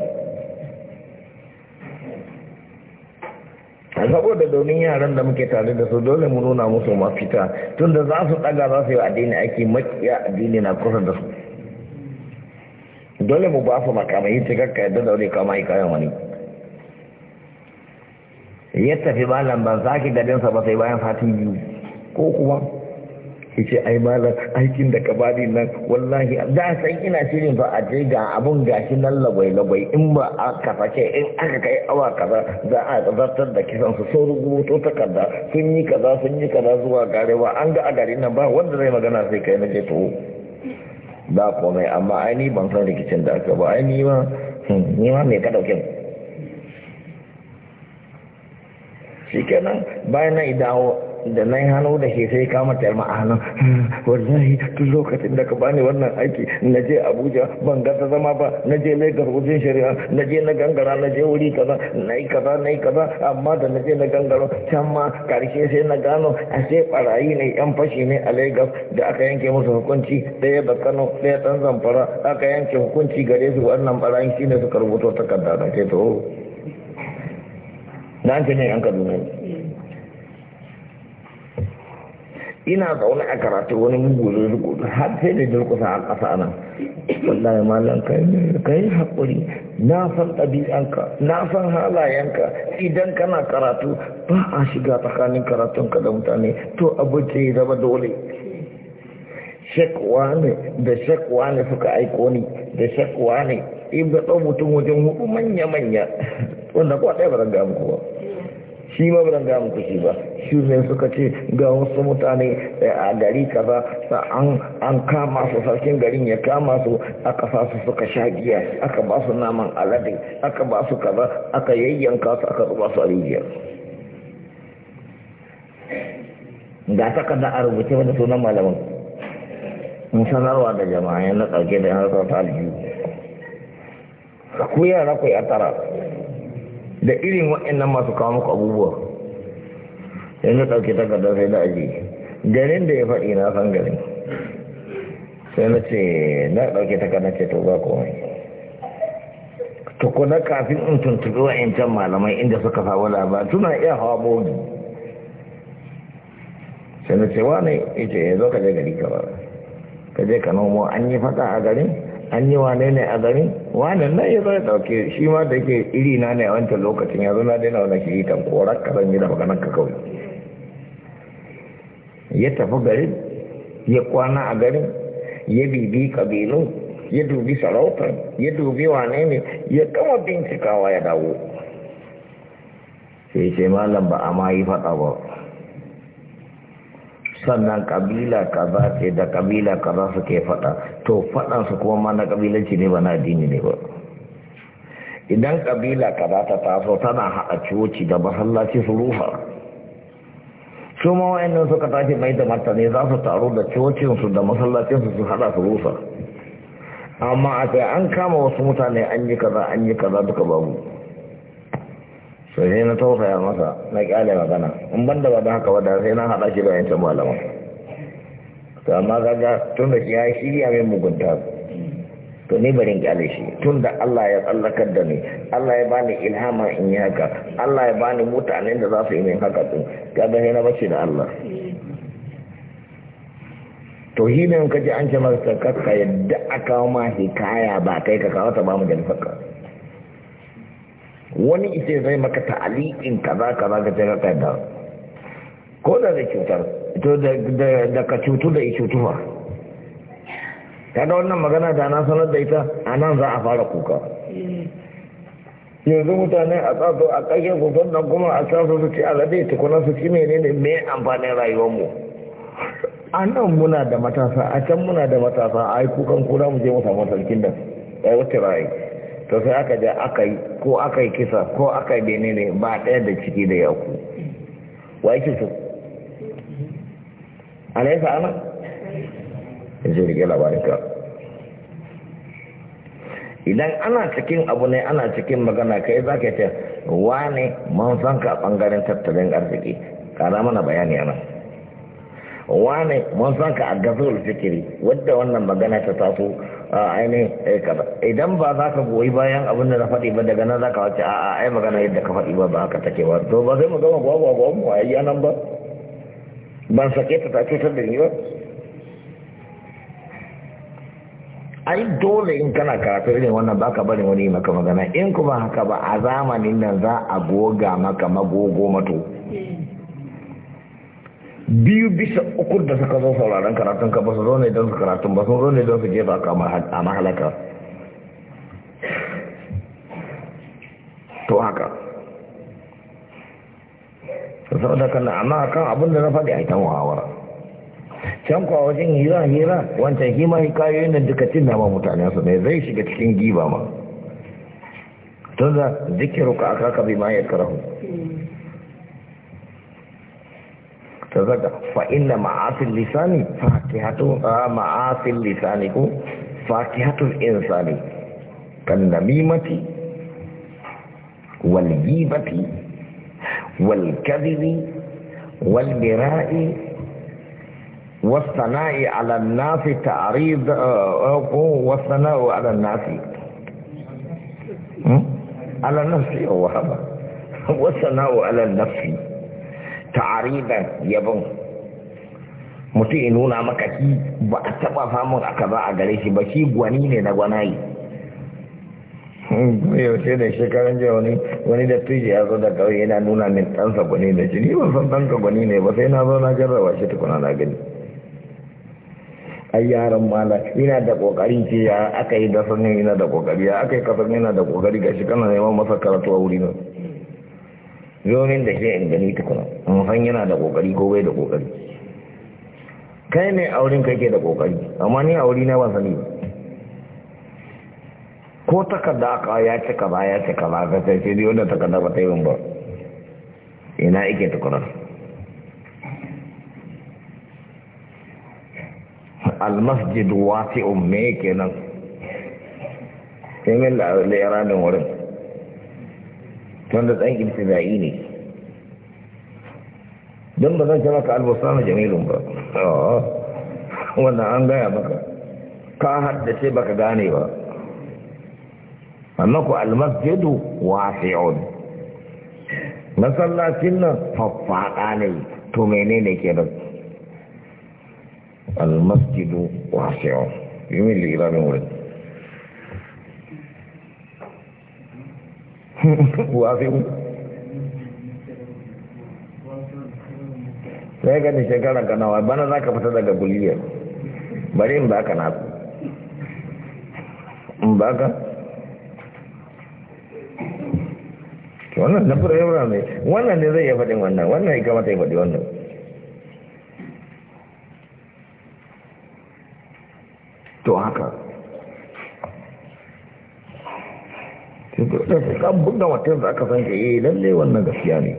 [SPEAKER 1] saboda domin yaran da muke tare da su dole mu nuna musu mafita tunda za su daga za su yi addini ake makiya addini na kusa da su dole mu ba su makamai kakka yadda daure kama yi kayan wani ya tafi malam ban sake gadinsa ba sai bayan fatin biyu ko kuma ya ce ai malam aikin da ka bani nan wallahi da san ina shirin fa a je ga abun gashi nan labai labai in ba a kafa ke in aka kai awa kaza za a zartar da kisan su sun rubuto takarda sun yi kaza sun yi kaza zuwa garewa an ga a garin nan ba wanda zai magana sai kai na je to ba komai amma ai ban san rikicin da aka ba ai ni ma hmm, ni ma mai ka dauke kenan bayan na idawo da nan hannu da ke sai kama ta yamma a hannun wallahi tun lokacin da ka bani wannan aiki na je abuja ban gata zama ba na je lagos wajen shari'a na je na gangara na je wuri kaza na yi kaza na yi kaza amma da na je na gangaro can ma karshe sai na gano a sai barayi ne yan fashi ne a lagos da aka yanke musu hukunci ɗaya da kano ɗaya ɗan zamfara aka yanke hukunci gare su wannan barayi shine suka rubuto takarda na ke to na ce ne yan kaduna ne ina zaune a karatu wani mugudu rukudu har sai da durkusa a ƙasa nan wallahi malam ka yi haƙuri na san ɗabi'anka na san halayenka idan kana karatu ba a shiga tsakanin karatunka da mutane to abinci ya zama dole shekwa ne da shekwa ne suka aiko ni da shekwa ne in ga ɗau mutum wajen hudu manya-manya *laughs* wanda kuwa ɗaya ba zan ga muku ba shi ma ban ga muku shi ba shi ne suka ce ga wasu mutane eh, a gari kaza an an kama su sarkin garin ya kama su aka sa su suka sha giya aka ba su naman alade aka ba su kaza aka yayyanka su aka zuba su a rijiyar ga takarda a rubuce wani sunan malamin mun sanarwa da jama'a na ɗauke da harkar ta aljihu ku yara ku ya tara da irin waɗannan masu kawo muku abubuwa yanzu ɗauke takarda sai da aji garin da ya faɗi na san garin sai na ce na ɗauke takarda ce to ba komai tukuna kafin in tuntuɓi wa'ancan malamai inda suka samu labar tuna iya hawa bogi sai na ce wane ita ya zo ka je gari ka ba ka je ka nomo an yi faɗa a garin an yi wane ne a gari wane nan ya zai dauke shi ma da ke iri na ne a wancan lokacin yanzu na daina wani shi tan korar ka zan yi da maganar ka kawai ya tafi garin ya kwana a garin ya bibi kabilu ya dubi sarautar ya dubi wane ne ya kama bincikawa ya dawo sai ce malam ba a ma yi faɗa ba sannan kabila kaza ce da kabila kaza suke fada to fadansu kuma ma na kabilanci ne ba na addini ne ba idan kabila kaza ta taso tana haɗa coci da masallaci su rufa su ma wa'annan suka tashi mai da martani za su taru da cocinsu da masallacinsu su haɗa su rufa amma a an kama wasu mutane an yi kaza an yi kaza duka babu sai sai na tausaya masa na kyale magana in banda ba don haka wadda sai na haɗa shi bayan can malaman to amma kaga tun da shi ya shirya mai mugunta to ni barin kyale shi tun da Allah ya tsallakar da ni Allah ya bani ilhama in yi haka Allah ya bani mutanen da za su yi min haka tun kaga sai na bace da Allah to shi kaji an ce masa kakka yadda aka ma hikaya ba kai ka kawo ba mu jalfarka wani ita zai maka ta'aliƙin kaza kaza ga ce ka da ko da da cutar to da ka cutu da i cutuwa da wannan magana da na sanar da ita a nan za a fara kuka yanzu mutane a tsato a ƙashe kusan nan kuma a tsato su ci alade tukuna su ci menene mai amfanin rayuwarmu a nan muna da matasa a can muna da matasa a yi kukan kura mu je mu samu sarkin da ya wuce rayu to sai aka je aka yi ko aka yi kisa ko aka yi bene ne ba ɗaya da ciki da yaku wa yake su alaisa ana yanzu rike labarin ka idan ana cikin abu ne ana cikin magana kai za ka ce wane mun san ka ɓangaren tattalin arziki ƙara mana bayani a wane mun san ka a gazul fikiri wadda wannan magana ta taso ainihin eh, idan ba za ka goyi bayan abin da na faɗi ba daga nan za ka wace a'a ai magana yadda ka faɗi ba ba haka take ba to ba sai mu gama gwagwa gwagwa mu a yi nan ba ban sake ta ta cutar da ni ba ai dole in kana karatu irin wannan ba ka bari wani maka magana in kuma haka ba a zamanin nan za a goga maka magogo mato biyu bisa uku da suka zo sauraron karatun ka ba su zo ne don su karatun ba su zo ne don su jefa ka a mahalaka to haka sau da kanna amma kan abinda na faɗi a ita wawara can kuwa wajen hira hira wancan hima hikayoyin da duka cin dama mutane su ne zai shiga cikin giba ma tun da zikiru ka aka kabi ma ya karahu تذكر فإن معاصي اللسان فاكهة آه معاصي اللسان فاكهة الإنسان كالنميمة والجيبة والكذب والمراء والثناء على الناس تعريض آه، آه، والثناء على الناس على نفسي أو هذا والثناء على النفس ta'ariban yabon mutum ya nuna maka shi ba a taba famun aka za a gare shi ba shi gwani ne na gwanayi hmm, yaushe da shekaran jiya wani wani da tuji ya zo da kawai yana nuna min ɗansa gwani da shi ni ba san ɗanka gwani ne ba sai na zo na jarraba shi tukuna na gani ai yaran mala ina da kokari ce ya aka yi da sanin ina da kokari ya aka yi kasar ina da kokari ga shi kana neman masa karatu a wuri nan yomin da zai in gani tukuna in yana da kokari ko bai da kokari kai ne auren kai ke da kokari amma ni aure na ban sani ko takarda aka ya cika ba ya cika ba ka sai sai da takarda ba ta yi ba ina ike tukuna almasjid wasi'un me kenan sai min da lera wurin tunda ɗan ibtida'i ne don ba zan ce maka albusanu jamilun ba wannan an gaya maka ka haddace baka gane ba amma ku almasjidu wasi'un masallacin nan faffaɗa ne to menene ke da almasjidu wasi'un yi min liramin wurin *laughs* wafin sai gani shekara ka nawa bana za ka fita daga buliyar bari in baka nasu in baka wannan na fura yawon ne wannan ne zai iya faɗin wannan wannan ya kamata ya faɗi wannan to haka da kan buga mutum da aka san shi eh, lalle wannan gaskiya ne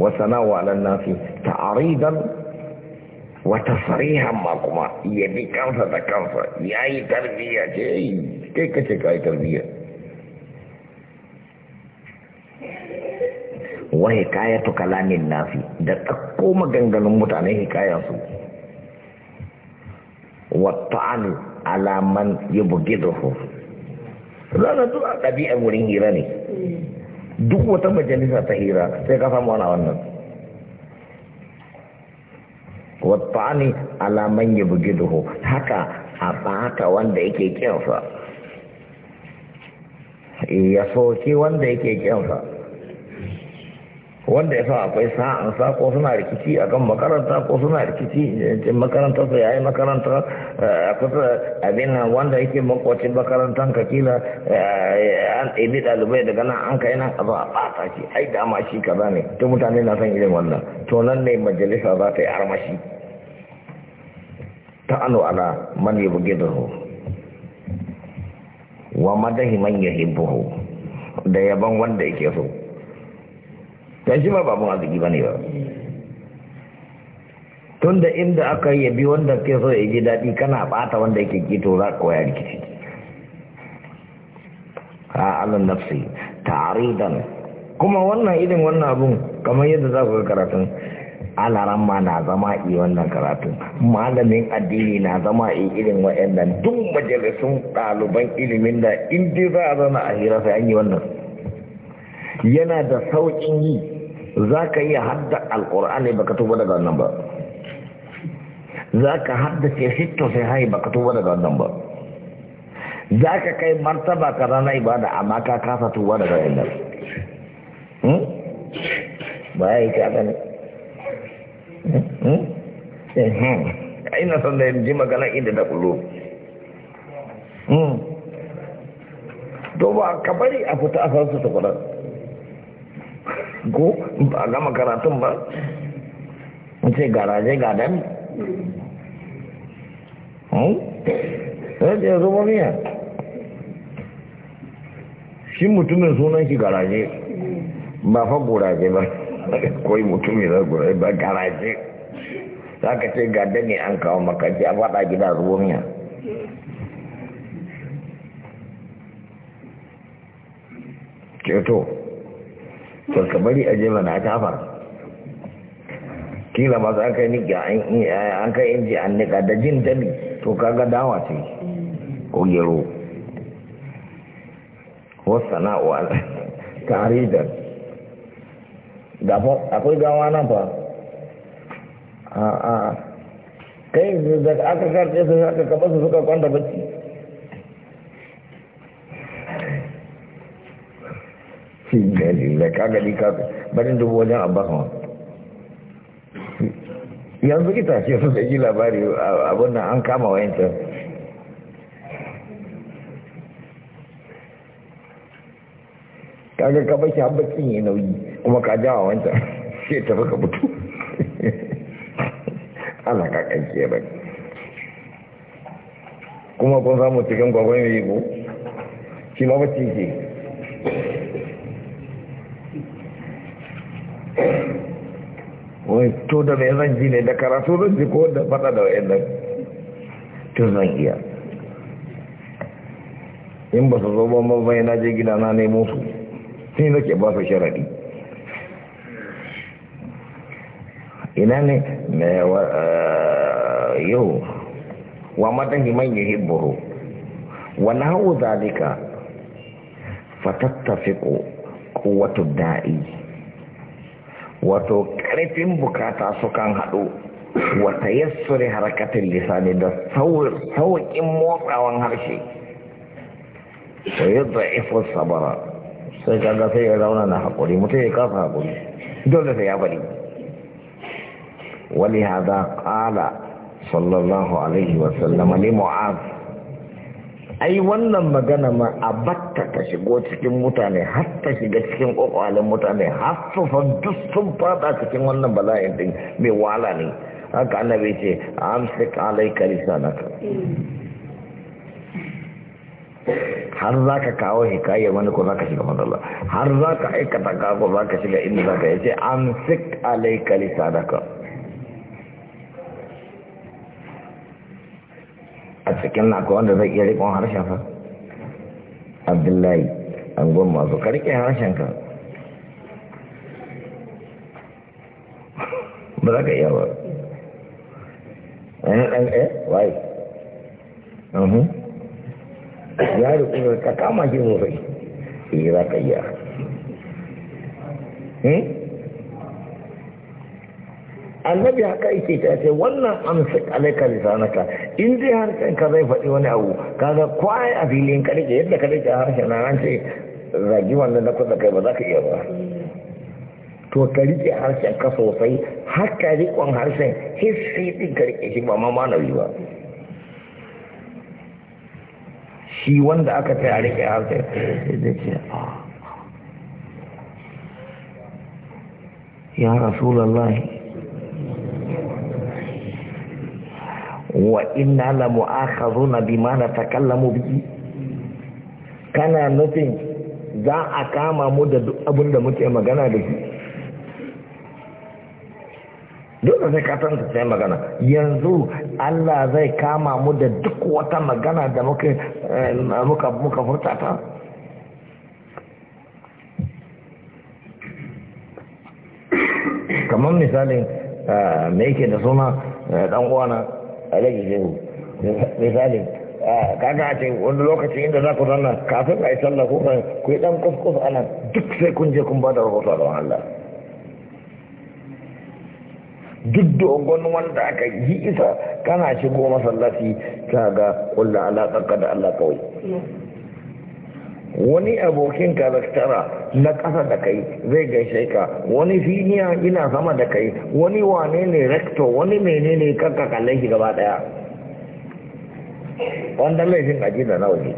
[SPEAKER 1] wa sanawa lan nasi ta'aridan wata tasrihan ma kuma ya bi kansa da kansa yayi tarbiyya ce kai kace yi tarbiyya wa hikayatu kalamin nasi da ɗauko maganganun mutane hikayansu wa ta'anu alaman yubghiduhu rana duk a ɗabi'a wurin hira ne duk wata majalisa ta hira sai ka samu ana wannan alaman ya bugi duhu haka a bata wanda yake kyansa ya soke wanda yake kyansa wanda ya sa akwai sa'an sa ko suna rikici a kan makaranta ko suna rikici eh, makaranta su yayi makaranta a kusa abin wanda yake makwacin makarantar kakila eh, eh, an ɗaiɗi ɗalibai daga nan an kai nan a a ɓata shi ai dama shi kaza ne ta mutane na san irin wannan to nan ne majalisa za ta yi armashi ta anu ala man yi bugi da wa madahi man ya da yaban wanda yake so tashi ba mu arziki ba ne ba tun da inda aka yi bi wanda ke so ya ji daɗi kana bata wanda yake gito za ka waya rikici a alin nafsi taridan kuma wannan irin wannan abun kamar yadda za ku ga karatun alaramma na zama i wannan karatun malamin addini na zama i irin wa'annan duk majalisun ɗaliban ilimin da in dai za a zana a hira sai an yi wannan yana da sauƙin yi za ka yi hadda alkur'ani eh, ba ka tuba daga wannan ba za ka ce hito sai hai ba ka tuba daga wannan ba za ka kai martaba ka rana ibada amma ka kasa tuba daga wannan hmm? ba ya yi ka ne ina son da ji magana inda da kulo hmm? to ba ka bari a fita a sarsu tukunan ko ba gama karatun ba ce garaje ga dami hmm? sai ya zo miya shi mutumin sunan shi garaje ba fa guraje ba *laughs* koi mutumin na guraje ba garaje za ka ce ga an kawo makaji a faɗa gida ruwan miya ceto to bari a je mana kafar kila ba za kai nika an kai inji an nika da jin dami to kaga dawa ce ko gero wasu sana'uwa *laughs* tare da akwai gawa nan fa a a kai da aka karce su aka kaba su suka kwanta bacci inna kaga ni ka barin dubu wajen abbas ma yanzu ita ce sun sai ji labari abin nan an kama wayancin kaga ka bashi habbakin yi nauyi kuma ka jawa wancan sai ta baka mutu ana *laughs* ka kanke bai kuma kun samu cikin gwagwai yi ko shi ma bacci ce wai to da mai zan ne da karatu zan ko da fada da wa'in nan tun zan iya in ba su zo ba bayan na je gida na nemo su sai ke ba su sharaɗi ina ne eh, yau wa matan himan yi hibburu wani hau zalika ko wato da'i wato karfin bukata kan haɗu wata yassuri harakatin lisani da sauƙin motsawan harshe sai yadda ifo sabara sai kaga sai ya zauna na haƙuri mutum ya kafa haƙuri dole sai ya bari wani hada ƙala sallallahu alaihi wasallama ne mu'azu ai wannan magana ma a batta ta shigo cikin mutane har ta shiga cikin kokwalin mutane har su duk sun fada cikin wannan bala'in din mai wala ne haka annabi ce amsik alaika lisanaka har za ka kawo hikayar wani ko za ka shiga matsala har za ka aikata kako za ka shiga inda za ka yace amsik alaika sadaka. a cikin na akwai wanda zai iya rikon harshen fa abdullahi an gwan masu karke harshen ka ba za ka iya ba wani ɗan ɗaya wai ya rikon ka kama shi sosai iya za ka iya annabi haka yake ta ce wannan amsa alaika lisanaka in dai harshen ka zai faɗi wani abu kaga kwaye a filin ka rike yadda ka rike harshen na ran ce zagi wannan na kusa kai ba za ka iya ba to ka rike harshen ka sosai har ka rikon harshen hissi din ka rike shi ba ma manawi ba shi wanda aka ce a rike harshen da ce ah, ah, ah. ya rasulallahi wa inna la mu'akhazuna bima natakallamu bihi kana nufin za a kama mu da duk abin da muke magana da shi dole zai ka sai magana yanzu Allah zai kama mu da duk wata magana da eh, muka muka muka furta ta kamar misalin eh, me yake da suna dan eh, uwana alaji jehu misali kaga ce wani lokaci inda za ku zanna kafin a yi sallah ko kan ku yi dan kuskus ana duk sai kun je kun ba da rahoto da wahala duk dogon wanda aka yi isa kana shigo masallaci kaga ga ala tsaka da Allah kawai wani abokin ka zaktara na ƙasa da kai zai gaishe ka wani finiya ina sama da kai wani wane ne rector wani menene kanka kallon shi gaba daya wanda laifin aji da nawaje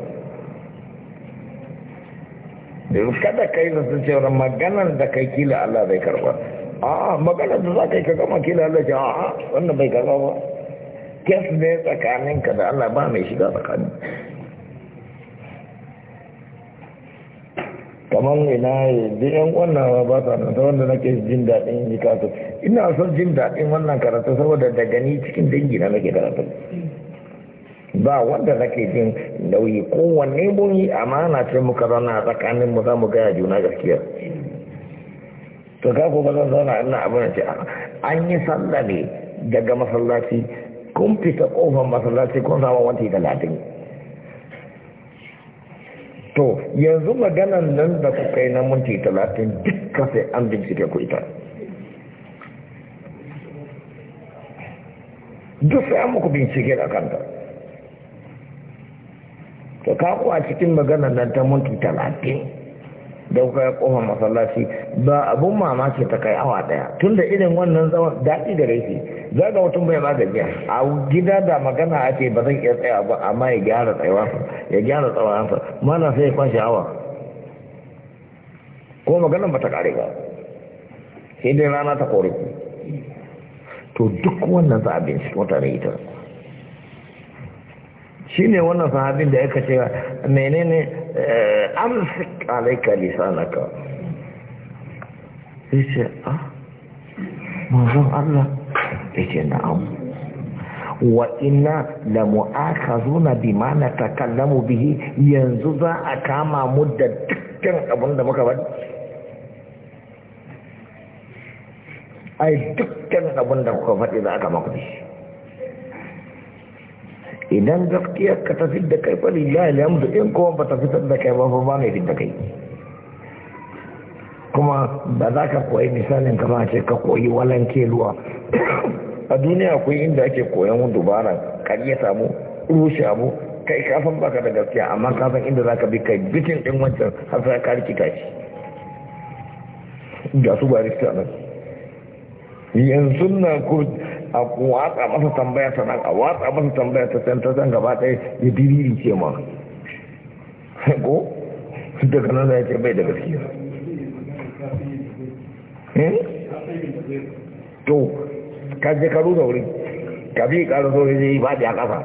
[SPEAKER 1] kada kai da sun cewar maganar da kai kila Allah bai karba a'a maganar da za ka yi ka gama kila Allah ce a'a wannan bai karba ba kes ne tsakaninka da Allah ba mai shiga tsakanin kamar ina ya da yan wannan ba sa nan ta wanda nake jin daɗin yi kasu ina son jin daɗin wannan karatu saboda da gani cikin dangi na nake karatu ba wanda nake jin nauyi kowanne mun yi amana ce muka zana tsakanin mu za mu gaya juna gaskiya to ka ko bazan zan zauna ina abin ce an yi sallah ne daga masallaci kun fita kofar masallaci kun samu wanti talatin to yanzu maganan nan da ku kai na minti talatin duka sai an bincike ku ita duk sai an muku bincike a kanta to kakuwa a cikin maganan nan ta minti talatin don kai kofar masallaci ba abun mamaki ta kai awa daya tun da irin wannan zaman daɗi da laifi za ga mutum bai gajiya a gida da magana ake ba zan iya tsaya ba amma ya gyara tsayawansa ya gyara tsayawansa mana sai ya kwashe awa ko maganan ba ta kare ba sai dai rana ta kore to duk wannan za a binciki mutane ita shi ne wannan sahabin da ce wa menene eh, amsik alaika lisanaka shi ce ah mazan Allah ya ce na'am wa ina da mu'aka zuna bi mana na takallamu bihi yanzu za a kama mu da dukkan abin da muka bari ai dukkan abin da kuka faɗi za a kama ku da shi idan gaskiya ka tafi da kai fa lillahi alhamdu in kuma ba ta da kai ba fa ba mai da kai kuma ba za ka koyi misalin kama ce ka koyi walanke ruwa *coughs* a duniya akwai inda ake koyan dubara karya samu rushe abu kai san baka da gaskiya amma san inda za ka bi kai bitin din wancan har sai ka rikita shi ga su ba rikita nan yanzu na ku a watsa masa tambaya ta nan a watsa masa tambaya ta can ta gaba ɗaya ya diriri ce ma ko su daga nan zai ce bai da gaskiya eh? to ka je ka da wuri ka bi da wuri zai yi baɗi a ƙasa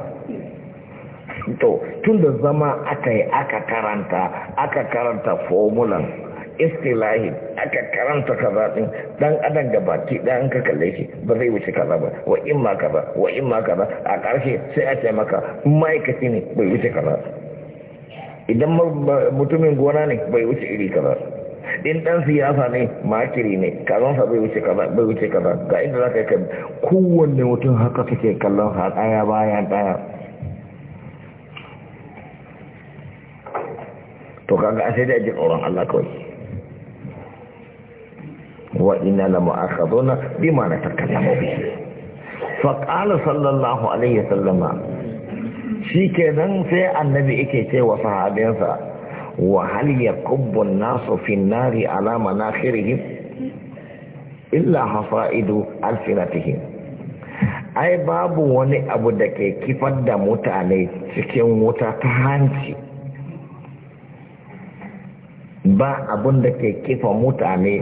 [SPEAKER 1] to tun da zama aka yi aka karanta aka karanta fomulan istilahi aka karanta kaza din dan adam gabaki dan ka kalle shi ba zai wuce kaza ba wa in ma kaza wa in ma kaza a karshe sai a ce maka ma'aikaci ne bai wuce kaza idan mutumin gona ne bai wuce iri kaza din dan siyasa ne makiri ne kazan sa bai wuce kaza bai wuce kaza ga inda zaka ka yi kan kowanne mutum haka suke kallon sa daya baya daya to kaga sai da ji tsoron Allah kawai wa’ina na ma’aka zona bi ma na tattalin mafi. faƙalar sallallahu alaihi sallama shi ke nan sai annabi ike ce wa sahabinsa wa haliya kubbun nasu fin nari alama na shirin illa hafa ido alfinatihin ai babu wani abu da ke kifar da mutane cikin wuta ta hanci ba abun da ke kifa mutane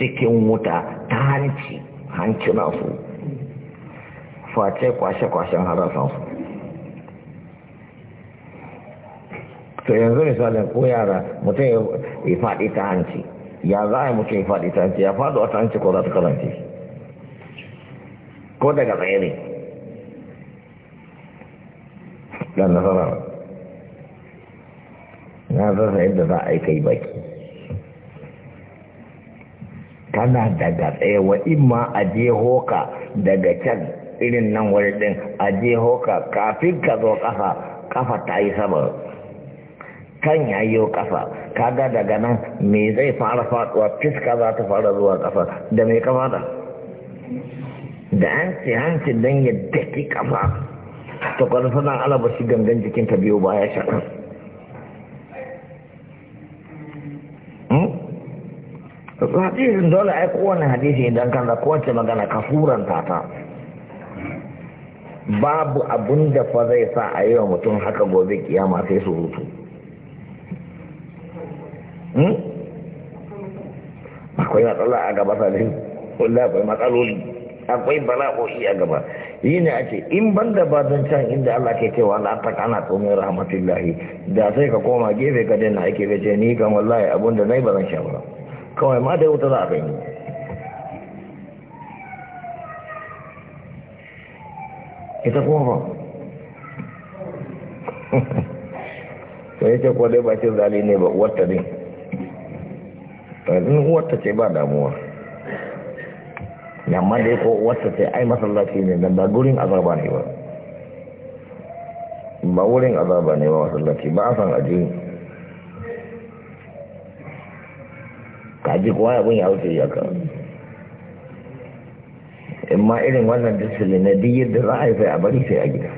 [SPEAKER 1] cikin wuta ta hanci hancina su face kwashe-kwashen su to yanzu misalin ko yara mutum ya faɗi ta hanci ya za a yi mutum ya faɗi ta hanci ya faɗi a hanci ko za ta karanci ko daga tsaye ne nasarar nasara na zasa yadda za a yi kai baki kana daga tsaye wa imma a hoka daga can irin nan wani ɗin a hoka kafin ka zo ƙafa ƙafa ta yi sama kan ya yi ƙafa kaga daga nan me zai fara faɗuwa fiska za ta fara zuwa ƙafa da mai kama da da hanci hanci don ya daki ƙafa ta kwanfanan shi gangan jikinta biyu baya shakan hadisin dole ai kowane hadisi idan kan da kowace magana ka furanta ta babu abun da fa zai sa a yi wa mutum haka gobe kiyama sai su hutu hmm? akwai matsala a gaba sadin kullum akwai matsaloli akwai bala'o'i a gaba yi ne a ce in ban da ba don can inda Allah ke cewa Allah ta kana tsomin rahmatullahi da sai ka koma gefe ka daina ake bece ni kan wallahi abun da na yi ba zan sha ba kawai ma dai wuta za a gani ita kuma ba sai ce ba ce zali ne ba uwarta ne ɗazin uwarta ce ba damuwa yamma dai ko uwarta ce ai ne don ba gurin azaba ne ba wurin azaba ne ba kaji kuma abin ya wuce ya ka in ma irin wannan disili na diyar da za a yi sai a bari sai a gida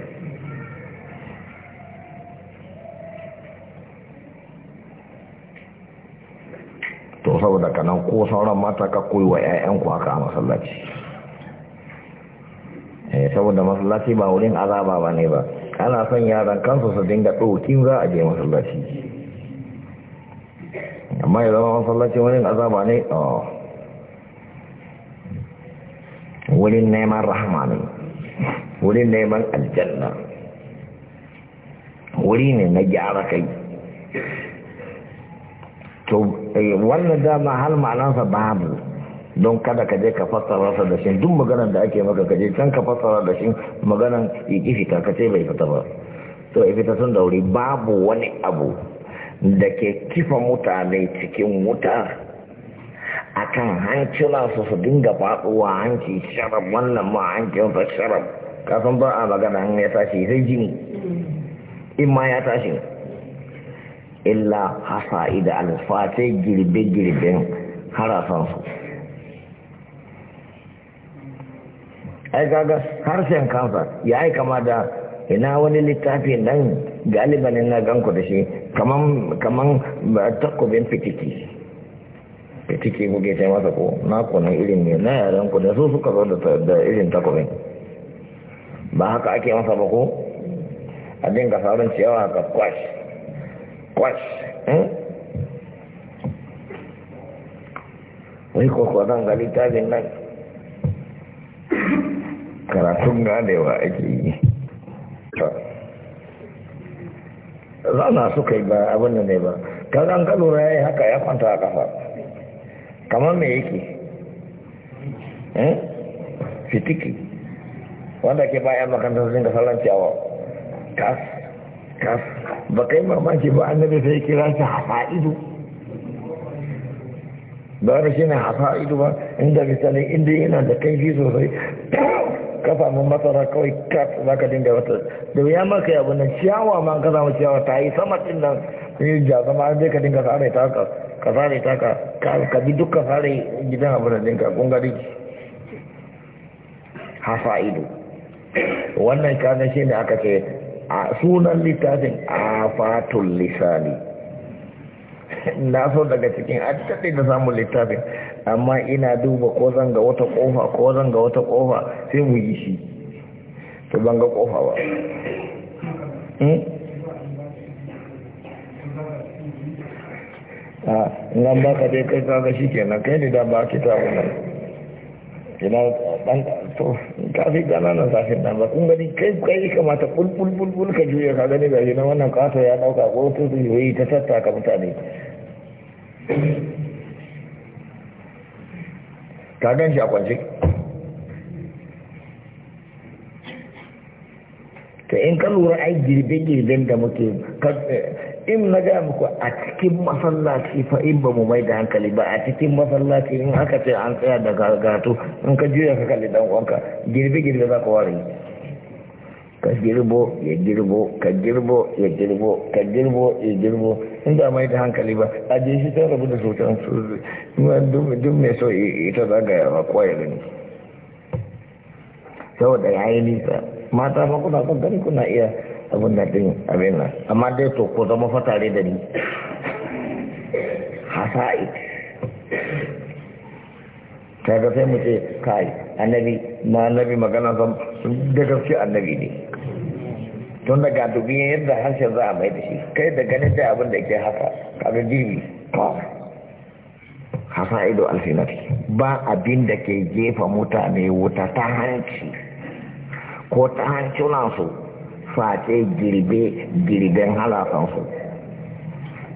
[SPEAKER 1] to saboda kanan ko sauran mata ka koyi wa ku haka a masallaci eh, saboda masallaci ba wurin azaba ba ne ba ana son yaran kansu su dinga ɗokin za a je masallaci amma ya zama masallaci wurin azaba ne a wurin neman rahama ne wurin neman aljanna wuri ne na gyara kai to eh, wannan dama hal ma'anansa babu don kada ka je ka fassara sa da shin duk maganar da ake maka kaje can ka fassara da shin maganar yi fita ka ce bai fita ba to ya fita sun da wuri babu wani abu da ke kifa mutane cikin wuta a kan hancina su su dinga faɗuwa hanci sharaf wannan ma hancin fa sharaf kasan ba a magana ya tashi zai jini in ma ya tashi illa hasa da alfatai girbe-girben su ai gaga harshen kansa ya yi kama da ina wani littafi nan galibanin na ganku da shi kaman kaman takobin fitiki fitiki ke sai masa ko na na irin ne na yaran ko da su suka zo da irin takobin ba haka ake masa ba ko a dinga sauran ciyawa ka kwash kwash eh? wai dan gali ta din nan karatun yawa ake yi zana suka yi ba abin da ne ba kaga an kalura ya yi haka ya kwanta a kafa kamar mai yake eh? fitiki wanda ke bayan makantar sun salon rancewa kas kas ba kai mamaki ba nabi sai kira shi ido ba wani shi ne ido ba inda misali inda yana da fi sosai kafa samu masara kawai kat za ka dinga wata da ya maka yabu na ciyawa ma ka samu ciyawa ta yi sama ɗin nan yi ja zama an zai ka dinga sare ta ka ka sare ta ka ka bi duk ka sare gidan abu da dinka kun gari hafa ido wannan kaga shi ne aka ce a sunan littafin a fatun lisani *laughs* na so daga cikin a da samun littafin amma ina duba ko zan ga wata kofa ko zan ga wata kofa sai mu yi shi to ban ga kofa ba hmm? a nan ba ka dai kai kaga shi kenan kai ne da ba ki ta wannan ina dan to ka fi gana na safin nan ba kun gani kai kai kamata bul bul bul bul ka juya ka gani ga shi na wannan kasa ya dauka ko to yi ta tattaka mutane ka gan shi a kwanci ta in ka lura ai girbe-girben da muke eh, in na gaya muku a cikin masallaci fa in ba mu mai da hankali ba a cikin masallaci in aka ce an tsaya da gato, in ka juya ka kalli dan uwanka girbe-girbe za ka ware ka girbo ya girbo ka girbo ya girbo ka girbo ya girbo in da mai da hankali ba a je shi ta rabu da sautan su duk mai so ita za ga yawa ya gani saboda ya yi nisa mata ba kuna son gani kuna iya abin da din abin nan amma dai to ko zama fatare da ni hasa'i ta ga sai mu ce kai annabi ma annabi magana zan da gaske annabi ne don daga dubi yadda harshen za a mai da shi kai da ganin da abin da ke haka kaga jirgi hasa ido alfinati ba abin da ke jefa mutane wuta ta hanci ko ta hancinansu face girbe girben halafansu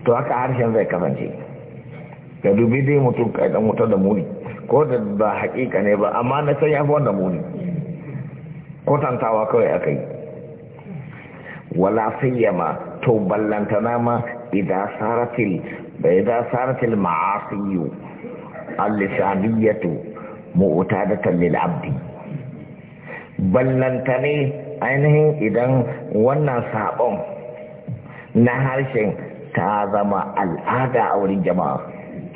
[SPEAKER 1] to haka harshen zai kasance da dubi dai mutum kai da mutar da muni ko da ba hakika ne ba amma na san yafi wanda muni kwatantawa kawai a kai, wala sayyama to ballantana ma idan saratil da idan saratil ma'asiyu al-lisaniyatu mu'tadatan lil abdi ballantane ainihin idan wannan sabon na harshen ta zama al'ada a wurin jama'a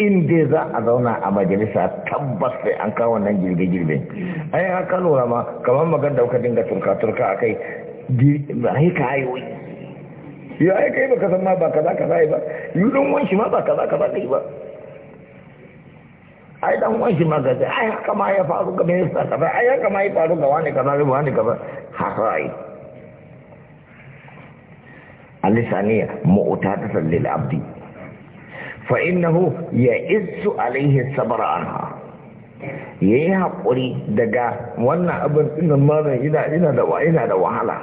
[SPEAKER 1] in dai za a zauna a majalisa tabbas sai an kawo wannan girgirgirbe ai a ka lura ma kamar magan da kuka dinga turka-turka a kai ai ka haihuwa ya ai kai baka san ma ba kaza kaza ba yi don wanshi ma ba kaza kaza kai ba ai dan wanshi ma ga ai haka ma ya faru ga minista kaza ai haka ma ya faru ga wani kaza ga wani kaza haka ai alisaniya mu'tadatan lil abdi فإنه يئس عليه الصبر عنها يي حقوري دغا وانا ابن ان ما ما ينا ينا دا وينا دا وحالا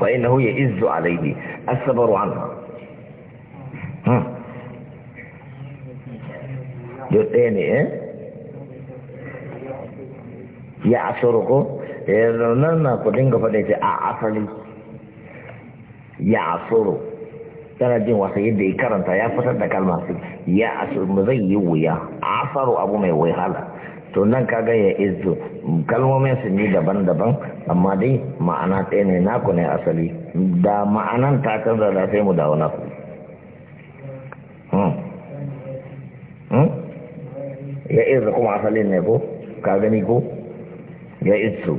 [SPEAKER 1] فإنه يئس عليه الصبر عنها ها جتني إيه؟ يا أسرقو إيه، يا رنانا كلين قفدي يا أسرقو tana jin wasa yadda ya karanta ya fitar da kalmar su ya asirmu zai yi wuya asaro abu mai wahala to nan ka ga ya izu kalmomin su ne daban-daban amma dai ma'ana ɗaya ne naku ne asali da ma'anan ta canza da sai mu dawo naku hmm. Hmm? ya izu kuma asali ne ko ka gani ko ya izu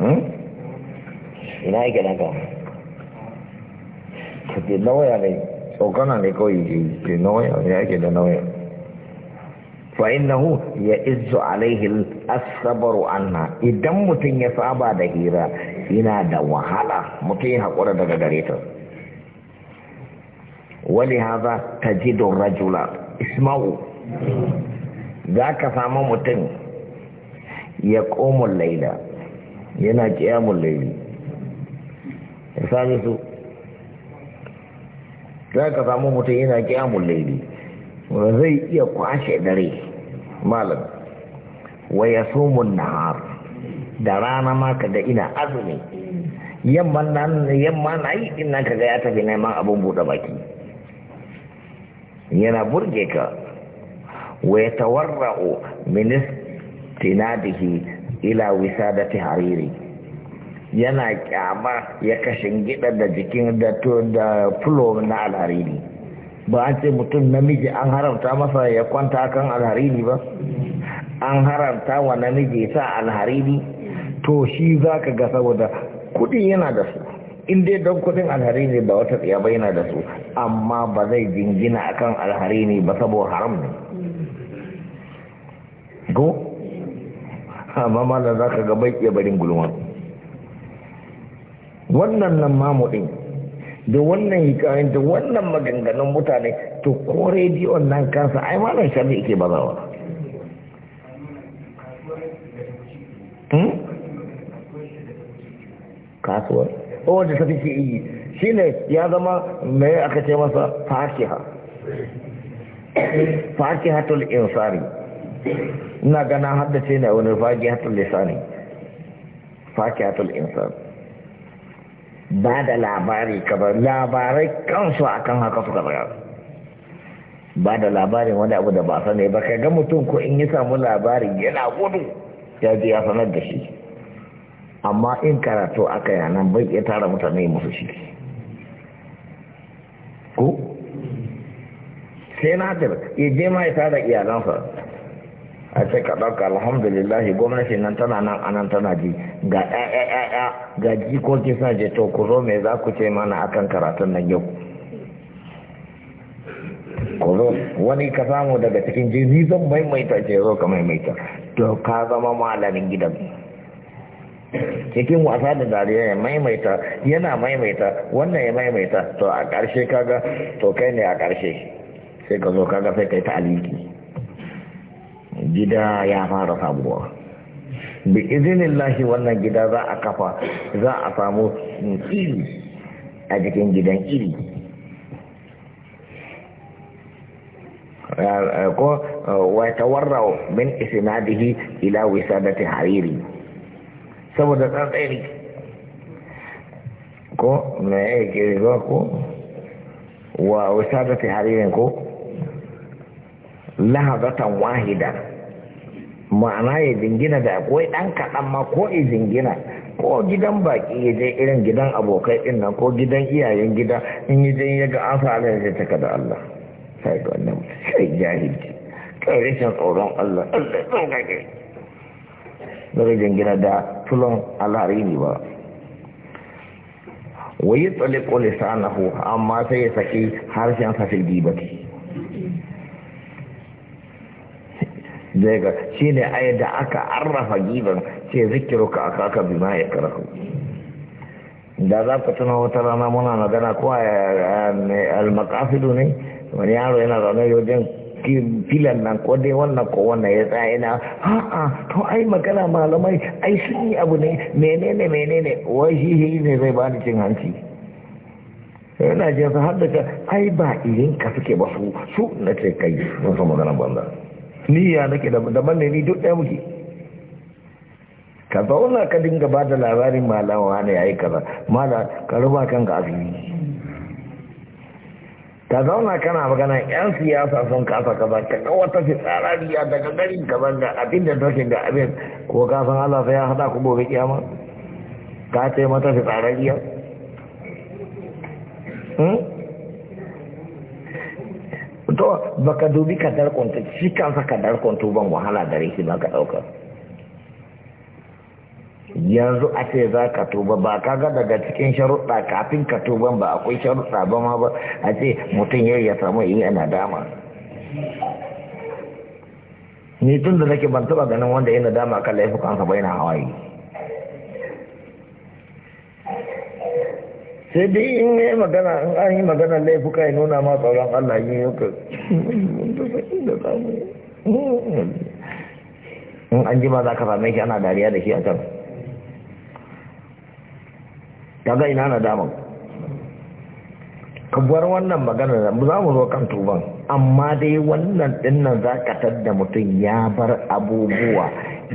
[SPEAKER 1] hmm? ina yake nan ka que te no voy a o cana le coy, que no voy a leer, que ya izu alaihi asabaru anna idan mutum ya saba da hira yana da wahala mutum ya hakura daga gare ta wani haza ta ji don rajula isma'u za ka samu mutum ya komun laila yana kiyamun laili ya sami su za ka samu mutum yana kyamun laili zai iya kwashe dare malam wa ya na nahar da rana ma da ina azumi yamma na yi ina ka ga ya tafi neman abin buɗe baki yana burge ka wa ya tawarra'u da istinadihi ila wisadati hariri yana kyama ya kashin gida da jikin da fulo na alhariri ba an ce mutum namiji an haramta masa ya kwanta kan alhariri ba an haramta wa namiji sa alhariri to shi za ka ga saboda kudi yana da su in dai don kudin alharini da wata tsaya bai yana da su amma ba zai jingina akan kan ba saboda haram ne go amma da za ka ga bai barin gulma. wannan nan mamu ɗin da wannan hikayen da wannan maganganun mutane to ko rediyon nan kansa ai nan shafi ke bazawa hmm? kasuwar O oh, wanda ta fi yi shi ne ya zama mai aka ce masa fakiha fakihatul insari ina gana haddace na wani fakihatul lisani fakihatul insari ba da labari kabar labarai kansu akan haka suka tsaya ba da labarin wani abu da ba sani ba kai ga mutum ko in yi samu labarin yana gudu ya je ya sanar da shi amma in karatu aka yana bai ya tara mutane musu shi ko sai na ya je ma ya tara iyalansa a ce ka ɗauka alhamdulillahi gwamnati nan tana nan anan tana ji ga ɗaya ga jikoki suna je to ku zo me za ku ce mana akan karatun nan yau ku zo wani ka samu daga cikin jini zan maimaita ce zo ka maimaita to ka zama malamin gidan cikin wasa da dariya ya maimaita yana maimaita wannan ya maimaita to a ƙarshe kaga to kai ne a ƙarshe sai ka zo kaga sai kai ta aliki gida ya fara sabuwa bi izinin lahi wannan gida za a kafa za a samu iri a jikin gidan iri ko wata warra min isnadihi ila wisadati hariri saboda tsantsari ko me yake ko wa wisadati haririn ko lahazatan wahida ma'ana ya jingina da akwai ɗan kaɗan ma ko ya jingina ko gidan baƙi ya je irin gidan abokai ɗin ko gidan iyayen gida in yi jan ya ga a'sa ala ya taka da Allah sai ga wannan sai jahilci kai rashin tsoron Allah Allah daga jingina da tulon alhari ne ba wayi tsalle ƙulisa na amma sai ya saki harshen sa fi dibati zai ga shi ne ayar da aka arrafa giban sai zikiru ka aka aka bi ma ya karahu da za ku tuna wata rana muna magana ko almakafidu ne wani yaro yana zaune wajen filan nan ko dai wannan ko wannan ya tsaye na a'a to ai magana malamai ai sun yi abu ne menene menene wai shi ne zai bani cin hanci yana jinsa har da ai ba irin ka suke ba su su na ce kai mun san maganar banza niyya nake da manne ni duk ɗaya muke ka zauna ka dinga ba da labarin malawa ne ya yi kaza mala ka ruba kan ga asiri ka zauna kana magana yan siyasa sun kasa kaza ka ga wata fitsarariya daga garin kaza ga abin da take da abin ko ka san Allah sai ya hada ku gobe kyama ka ce mata tsara hmm? to baka dubi ka darkonta shi kansa ka darkonta ban wahala da rikin ba ka ɗaukar yanzu a ce za ka tuba ba ka ga daga cikin sharuɗa kafin ka tuban ba akwai sharuɗa ba ma ba a ce mutum yau ya samu yi yana dama ni tun da nake ban taɓa ganin wanda yana dama kan laifukansa bai na hawaii sai dai in yi magana in an yi magana laifuka ya nuna ma tsoron Allah yin yau in an ji ma za ka same shi ana dariya da shi a can kaga ina na damar kabuwar wannan magana da za mu zo kan tuban amma dai wannan dinnan za ka tadda mutum ya bar abubuwa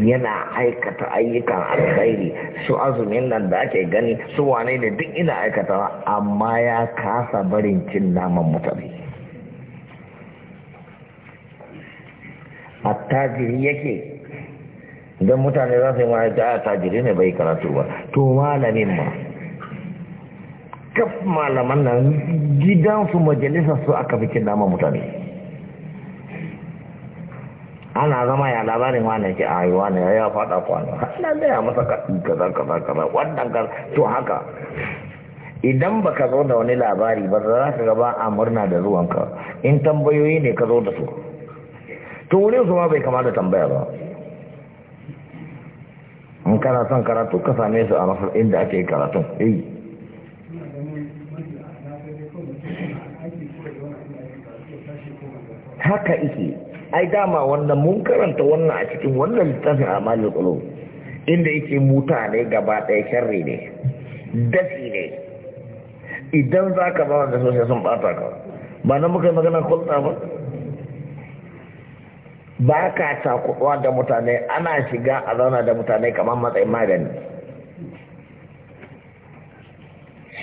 [SPEAKER 1] yana aikata ayyukan alkhairi su azumin nan da ake gani su wane ne duk ina aikata amma ya kasa barin cin naman mutane attajiri yake don mutane za su yi mara da ah, tajiri ne bai karatu ba to malamin ma kaf malaman nan gidansu majalisar su aka fi cin naman mutane ana zama ya labarin wane ke a yi wane ya faɗa kwanan na ya masa kaɗi kaza kaza kaza wannan kar to haka idan baka zo da wani labari ba za ka gaba a murna da zuwanka in tambayoyi ne ka zo da su to wani su ma bai kama da tambaya ba in kana son karatu ka same su a masar inda ake karatun eh haka ike ai dama wannan mun karanta wannan a cikin wannan littafin amalul kulu inda yake mutane gaba ɗaya sharri ne dafi ne idan za ka ba wanda sosai sun ɓata ka ba na muka yi magana kulta ba ba ka cakuɗuwa da mutane ana shiga a zauna da mutane kamar matsayin magani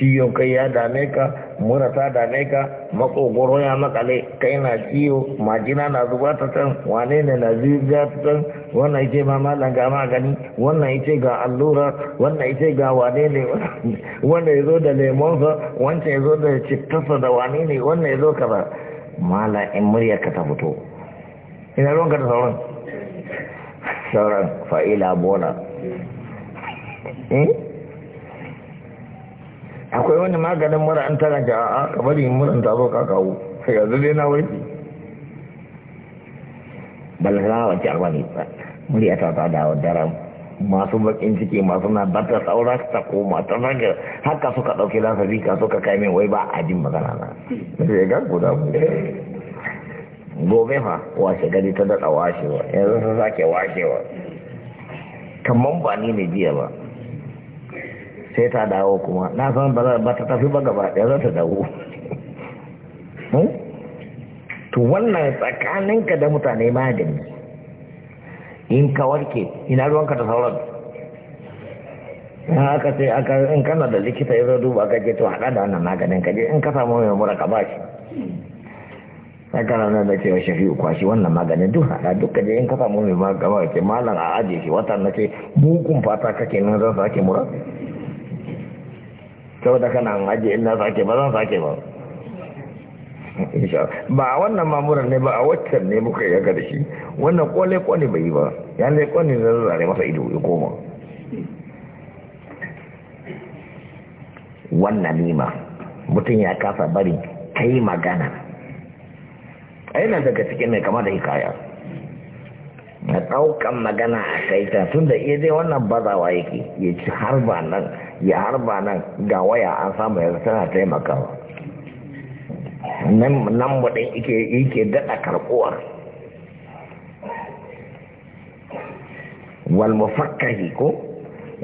[SPEAKER 1] Ciyo kai ya dame ka mura ta dame ka makogoro ya makale kai na ciwo majina na zuba ta can wane ne na zuba ta can wannan ita ma malam ga magani wannan ita ga allura wannan ita ga wane ne *laughs* wannan ya zo da lemonsa wancan ya zo da cittasa da wane ne wannan ya zo kaza Mala in murya ka ta fito ina ruwanka da sauran sauran fa'ila Bona. Eh? akwai wani maganin mura an tana ga a kamar yin muran ta ka kawo yanzu dai na warki balasa wace a wani ba murya ta ta da daren masu bakin ciki masu na ba ta saura ta koma ta zaga haka suka ɗauki lafafi ka suka kai min wai ba a jin magana na sai ga guda mu gobe fa washe gari ta daɗa washewa yanzu sun sake washewa kamar ba ni ne jiya ba sai ta dawo kuma na san ba ta tafi ba gaba ɗaya za ta dawo to wannan tsakaninka da mutane magani in ka warke ina ruwanka da sauran ya aka sai aka in kana da likita ya zo duba ka ce to haɗa da wannan maganin ka in ka samu mai mura ka ba shi aka ranar da cewa shafi'u kwashi wannan maganin duk haɗa duk ka in ka samu mai mura ka ba ce malam a ajiye shi watan na ce mugun fata kake nan zan sake mura da kana an aje ina sake ba zan sake ba ba a wannan mamuran ne ba a waccan ne muka yi da shi wannan kole-kole bai yi ba ya ne kone da zare masa ido ya koma wannan nima mutum ya kasa bari kai magana a yana daga cikin mai kama da hikaya na ɗaukan magana a kaita tun da iya zai wannan bazawa yake ya ci harba nan ya harba nan ga waya an samu yanzu tana taimakawa nan muɗin yake daɗa karɓuwa wal mufakkahi ko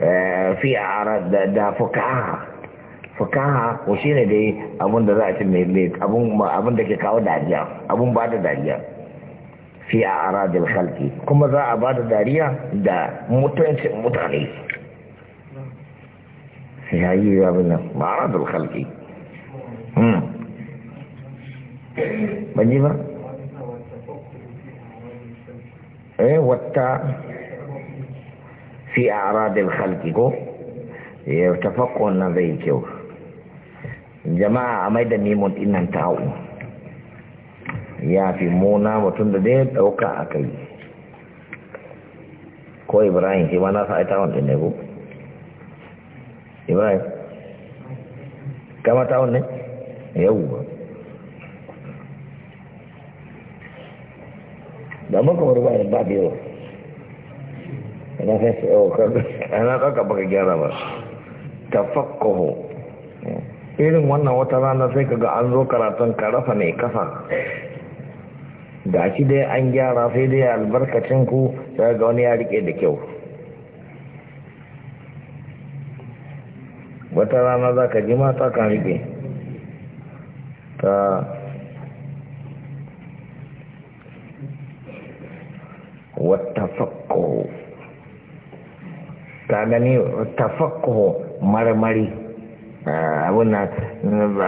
[SPEAKER 1] eh, fi a da fukaha fukaha ko shi ne dai abin da za a ci mai abin da ke kawo dajiya abin ba da dariya fi a aradil halki kuma za a ba da dariya da mutuncin mutane sai ya yi abin nan ba aradil halki hmm. ban ji ba eh wata fi a aradil halki ko ya tafakon nan zai kyau jama'a a mai da neman ɗinan ta'u ya fi muna mutum da dai dauka a kai ko ibrahim ke ba na sa wanda ne ku ibrahim kama ta wanda yau ba da muka wuri ba ba da yawa ana kaka baka gyara ba tafakkuhu irin wannan wata rana sai kaga an zo karatun karafa mai kafa ga shi dai an gyara sai dai albarkacin ku sai ga wani ya rike da kyau wata rana za ka ji mata kan rike ta wata ta gani wata fakko marmari ah,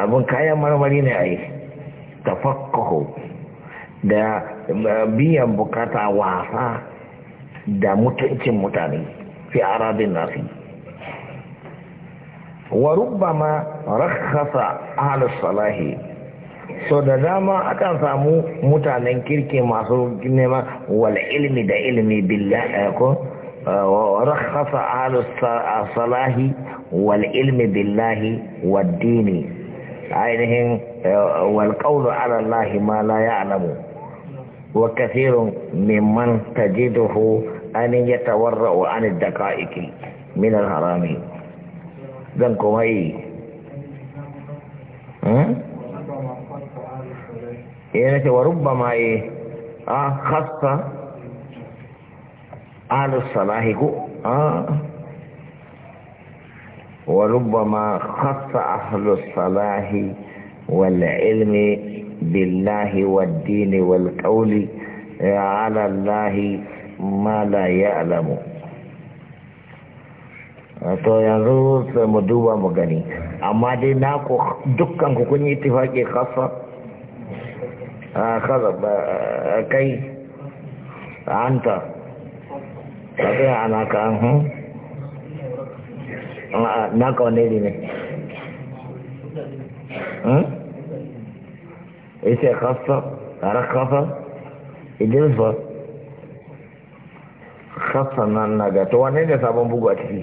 [SPEAKER 1] abun kayan marmari ne a yi ta tafakkahu da biyan bukata wasa da mutuncin mutane fi aradin nasi wa rubbama rakhasa ahlus salahi so da dama akan samu mutanen kirki masu nema wal ilmi da ilmi billahi eh, ko ورخص أهل الصلاح والعلم بالله والدين عينهم ala على ma la لا alamu. وكثير ممن تجده أن يتورأ عن الدقائق من الحرام ذنكم أي يعني إيه، وربما إيه آه خاصة أهل الصلاح آه وربما خص أهل الصلاح والعلم billahi والدين والقول على ala ما لا يعلم to yanzu sai mu duba mu gani amma dai na ku dukkan ku kun yi a khassa kai anta kaga ana ka an naka mhm. wani ne hmm? Ise yace khassa rakafa idan fa khassa nan naga to wanne ne sabon bugu a ciki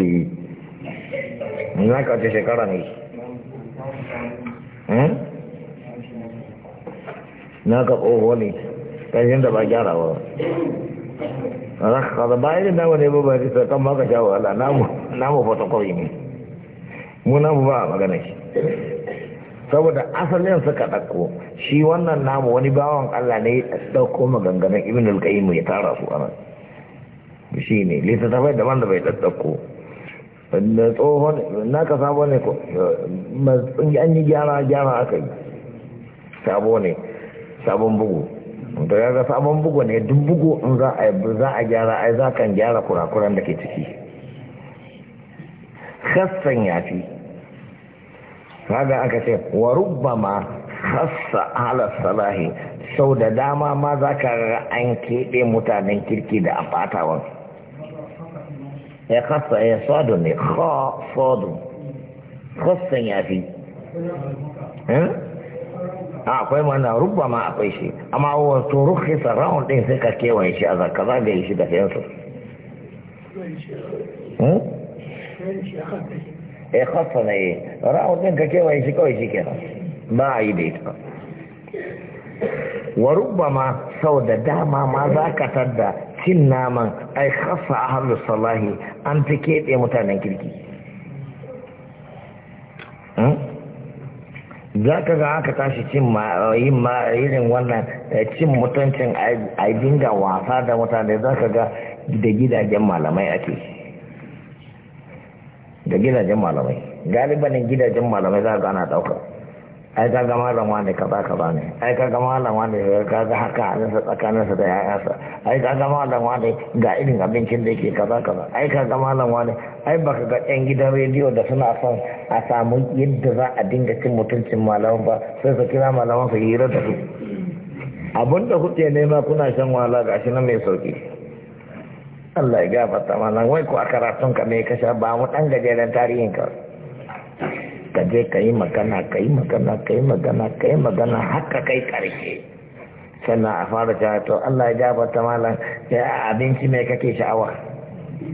[SPEAKER 1] eh na ka ce shekara ne eh na ka tsoho ne kashin da ba gyarawa rakafa bayan da wani ba ba sai kan maka shawo Allah namu namu fotokoi ne mu namu ba magana shi saboda asalin suka ɗauko shi wannan namu wani bawan Allah ne ya ɗauko maganganun ibn al-qayyim ya tara su anan shi ne littattafai daban da bai ɗauko na tsohon na ka sabo ne ko an yi gyara gyara aka yi sabo ne sabon bugu da ya ga sabon bugu ne duk bugu in za a za a gyara ai za kan gyara kurakuran da ke ciki ya yafi kaga aka ce wa rubbama hassa ala salahi sau da dama ma za ka an keɓe mutanen kirki da abatawan ya hassa ya sadu ne ha sadu hassan ya fi hmm? a akwai mana rubba ma akwai shi amma wato rukhisa round ɗin sai ka kewaye shi a zaka zagaye shi da fensu hmm? ya eh, kwasa na yi eh. ra'udin ka kewaye shi kawai shi ba a yi da ita wa rubama da dama ma za ka tada cin naman ai khassa ahlus salahi an fi keɓe mutanen kirki hmm? za ka ga aka tashi cin yin irin wannan eh, cin mutuncin a dinga wasa da mutane za ka ga da gidajen malamai ake da gidajen malamai ne gidajen malamai za ga ana dauka ai ka ga malam wani ka ba ne ai ka gama malam wani ka ga haka tsakanin tsakaninsa da yayansa ai ka ga malam wani ga irin abincin da yake kaza ba ai ka gama malam wani ai baka ga yan gidan rediyo da suna son a samu yadda za a dinga cin mutuncin malaman ba sai su kira malaman su hira da su abin kuke nema kuna shan wahala ga shi na mai sauki Allah ya gafarta malam wai ko a karatun ka mai kasha ba mu dan gajeren tarihin ka ka je ka yi magana ka yi magana ka yi magana ka yi magana haka kai karshe sannan a fara cewa to Allah ya gafarta malam ya abinci mai kake sha'awa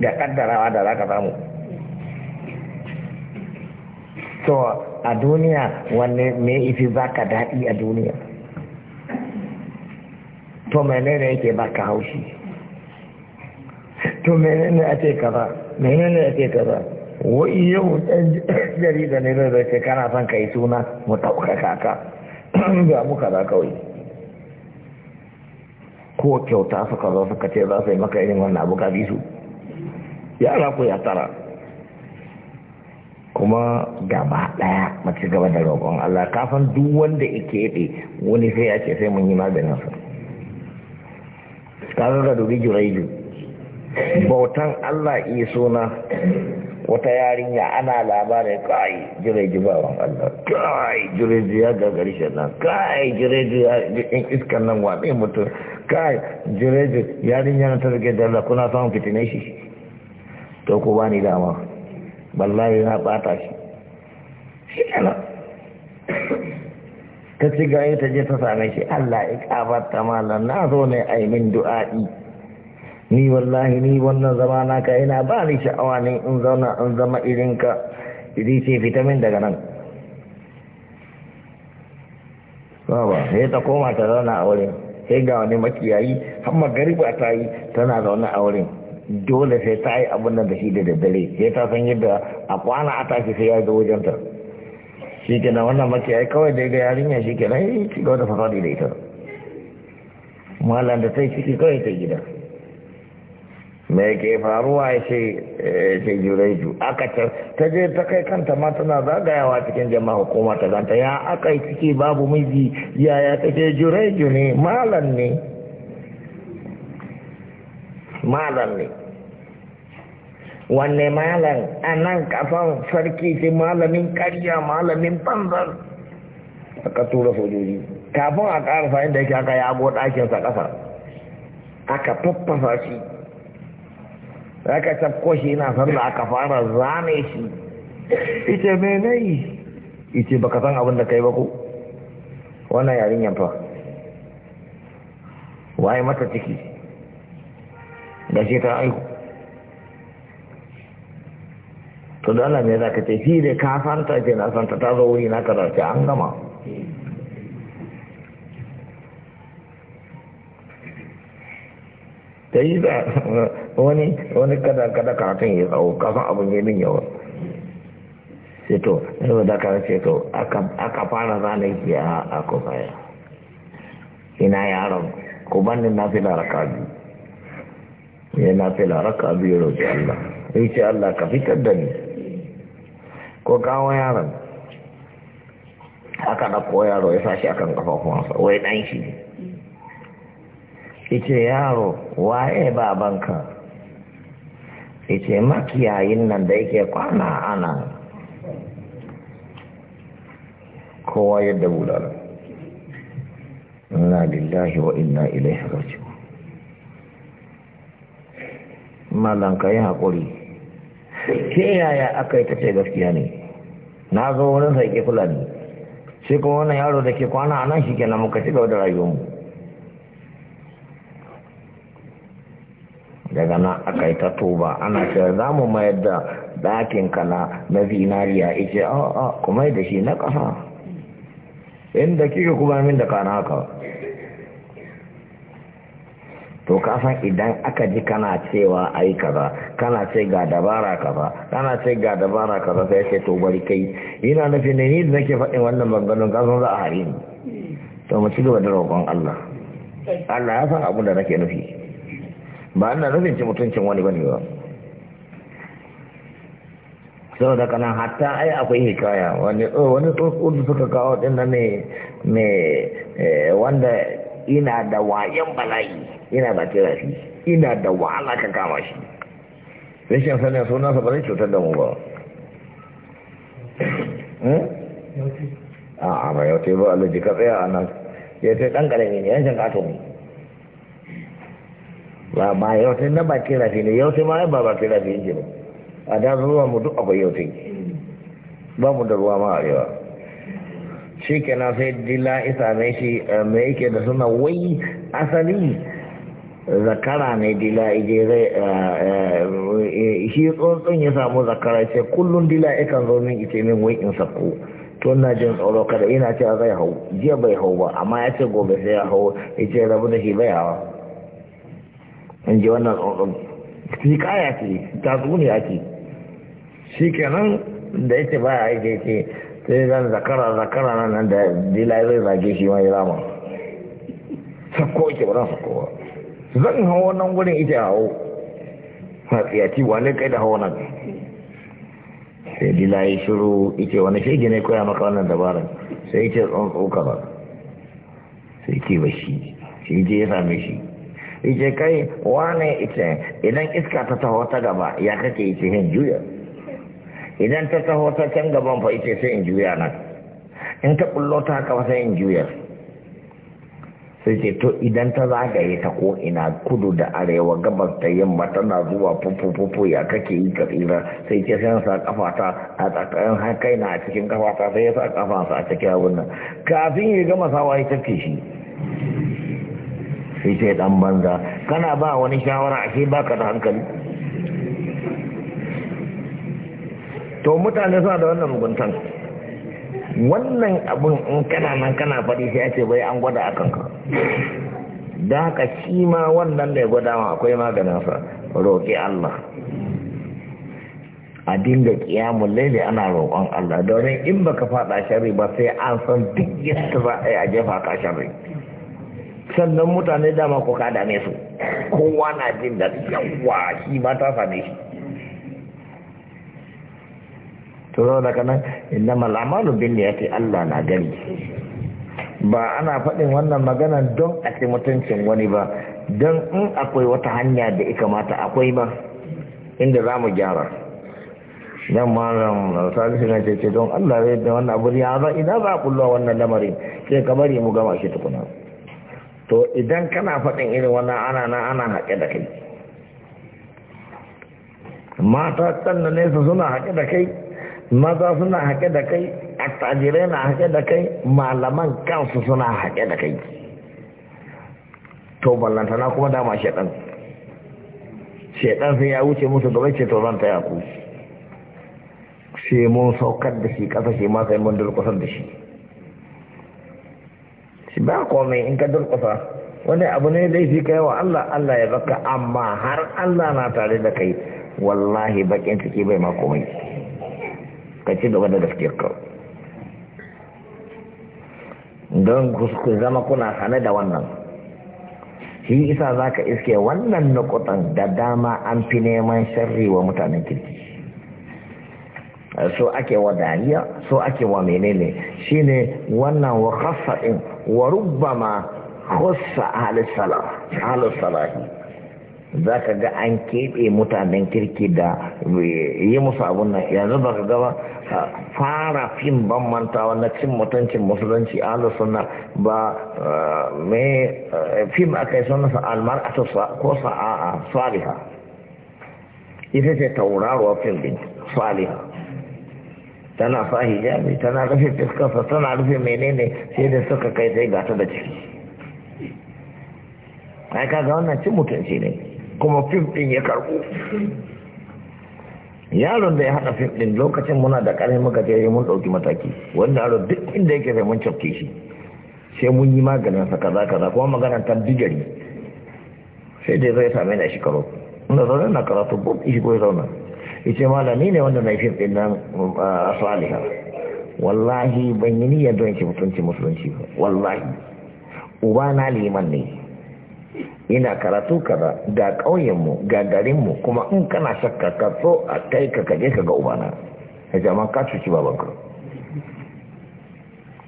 [SPEAKER 1] da kaddarawa da zaka samu to a duniya wanne me ifi ka daɗi a duniya to menene yake baka haushi to menene a ce kaza menene a ce kaza wai yau dan jarida ne zai ce kana son kai suna mu dauka ka *clears throat* ga mu kaza kawai ko kyauta su kaza su kace, za su yi maka irin wannan abu ka bisu Ya yara ko ya tara kuma gaba ɗaya mace gaba da roƙon Allah kafan duk wanda yake keɓe wani sai ya ce sai mun yi maganin sa ka ga dubi juraiju bautan Allah iya suna wata yarinya ana labarai kai jireji wa Allah kai jireji ya gagari shi nan kai jireji ya in iskan nan waɗe mutum kai jireji yarinya na targe da Allah kuna samun fitine shi to ku bani dama wallahi na bata shi shi kana ta ci gaye ta je ta same shi Allah ya kabata malam na zo ne aimin du'a'i ni wallahi ni wannan zama ka yana ba ni sha'awa ne in zauna in zama ka idi ce vitamin daga nan baba sai ta koma ta zauna a wurin sai ga wani makiyayi garibu a ta yi tana zauna a wurin dole sai ta yi abin da shi da daddare sai ta san yadda a kwana a tashi sai ya zo wajenta shi ke nan wannan makiyayi kawai da ga yarinya shi ke nan ya ci gaba da fasadi da ita malam da sai ciki kawai ta gida mai ke faruwa ya ce eh, juraiju aka ce ta je ta kai kanta ma tana zagayawa cikin jama'a hukuma ta zanta ya aka yi ciki babu miji yaya ta ce juraiju ne malam ne malam ne wanne malam a nan kafan sarki sai malamin karya malamin banzar aka tura sojoji kafin a karfa inda yake aka yago ɗakinsa ƙasa aka faffasa shi za ka tafko shi yana sallah aka fara zane shi ita me yi ita baka san abin da kai ba ko wannan yarin fa waye mata ciki da shi ta aiku to da Allah me za ka ce shi da ka santa ce na santa ta zo wuri na karatu an gama ta yi da wani wani kada kada karatun ya tsawo kasan abin ya min yawa sai to ba da ka ce to aka fara zane ki a ko baya ina yaron ko bani na fi laraka biyu ya na fi laraka biyu roƙi Allah ya ce Allah ka fitar da ni ko kawo yaron aka ɗauko yaro ya sashi akan kafafuwansa wai ɗan shi ne ita yaro waye babanka ita makiyayin nan da yake kwana ana kowa yadda wulala na lillahi wa inna ilaihi raji malan ka yi haƙuri ke yaya aka yi ta ce gaskiya ne na zo wurin sa kula ne shi kuma wannan yaro da ke kwana a nan shi kenan muka ci gaba da mu daga nan aka yi ta tuba ana cewa za mu mayar da ɗakin kana na zinariya ice a a kuma yi da shi na ƙasa inda kika kuma min da kana haka to kasan idan aka ji kana cewa ai kaza kana ce ga dabara kaza kana ce ga dabara kaza sai ce to bari kai yana nufi ne ni da nake faɗin wannan maganganun kasan za a hari to mu ci gaba da roƙon Allah Allah ya san abun da nake nufi ba ana nufin ci mutuncin wani bane ba saboda kana hatta ai akwai hikaya wani eh, wani tsotso suka kawo din nan ne ne eh, wanda ina da wayan bala'i ina ba kira rafi ina da wahala ka kama shi rashin sanin sunansa ba zai cutar da mu ba a a mai hmm? yau ba alaji ka tsaya a nan ya ce ɗan ƙarami ne yan shan ƙato ne ba ba na bakin rafi ne yautai ma ba bakin rafi yin jini a da ruwa mu duk akwai yautin ba mu da ruwa ma a yawa shi na sai dila isa mai shi eh, mai yake da suna wai asali zakara ne dila ije zai eh, eh, shi tsuntsun ya samu zakara ce kullum dila ikan zo min ice min wai in sako tun na jin tsoro kada ina ce a zai hau jiya bai hau ba amma ya ce gobe sai ya hau ya ce rabu da shi bai hawa in ji wannan tsoron hikaya ce tatsuniya ce shi kenan da yake ba a yake ce sai zan zakara zakara nan nan da dila zai zage shi mai rama sakko ake ba sakko ba zan hawa wannan gurin ita hau matsiyaci wani kai da hawa nan sai dila ya shiru ike wani shege ne koya maka wannan dabarar sai ce tsohon ba sai ke ba shi shi ke ya same shi ce kai wane ita idan iska ta taho ta gaba ya kake ita hin juya idan ta taho ta can gaban fa ita sai in juya nan in ta kullo ta haka sai in juya sai ce to idan ta zagaye ta ko ina kudu da arewa gabas ta yamma tana zuwa fufu ya kake yi ka tsira sai ce sai sa kafata a tsakanin kai na a cikin kafata sai ya sa kafansa a cikin abun nan kafin ya gama sawa ya tafi shi sai ce dan banza kana ba wani shawara ashe baka da hankali to mutane suna da wannan muguntan wannan abin in kana nan kana faɗi sai ake bai an gwada akan ka da haka shi ma wannan da ya gwada ma akwai sa. roƙi Allah a dinga kiyamun laili ana roƙon Allah domin in baka faɗa shari ba sai an san duk yadda za a yi a jefa ka shari sannan mutane dama ko ka dame su kowa na jin da yawa shi ma ta same shi to daga nan innamal amalu bin ce Allah na gani ba ana faɗin wannan magana don a ce mutuncin wani ba don in akwai wata hanya da ika mata akwai ba inda za mu gyara yan malam salisu na ce don allah ya da wannan abu ya za ina za a kullo wannan lamarin sai kamar yi mu gama shi tukuna to idan kana faɗin irin wannan ana na ana haƙe da kai mata tsanna nesa suna haƙe da kai maza suna haƙe da kai attajirai na haƙe da kai malaman kansu suna haƙe da kai to ballantana kuma dama shaɗan shaɗan sun ya wuce musu gaba ce to ranta ya ku sai mun saukar da shi ƙasa shi ma sai mun durƙusar da shi ba komai in ka durƙusa wani abu ne zai laifi kai wa Allah Allah ya baka amma har Allah na tare da kai wallahi bakin ciki bai ma komai ka ci gaba da gaskiyar ka don ku zama kuna sane da wannan shi isa za ka iske wannan nukutan da dama an fi neman sharri wa mutanen kirki so ake wa dariya so ake wa menene shine wannan wa khassa warubama wa rubbama khassa ahli salah ahli zaka ga an keɓe mutanen kirki da yi musu abun nan yanzu ba ka gaba fara fim ban mantawa na cin mutuncin musulunci ahli suna ba eh, me eh, fim a aka yi sunansa a ko sa'a a saliha ita ce tauraruwa fim din saliha tana sa hijabi tana rufe fuskansa tana rufe menene sai da suka kai sai ga da ciki ai kaga wannan cin mutunci ne kuma fim din ya karbu yaron da ya haɗa fim din lokacin muna da ƙarfi muka je mun dauki mataki wanda yaro duk inda yake sai mun cafke shi sai mun yi maganin sa kaza kaza kuma maganar ta digari sai dai zai same ni shi shekaru inda zaune na karatu bub ishi ko zauna yace malami ne wanda mai fim din nan salihah wallahi ban yi niyyar don shi mutunci musulunci ba wallahi uba na liman ne ina karatu kaza ga ƙauyenmu ga garinmu kuma in kana shakka ka so a kai ka kaje ka ga ubana a jama ka cuci babanka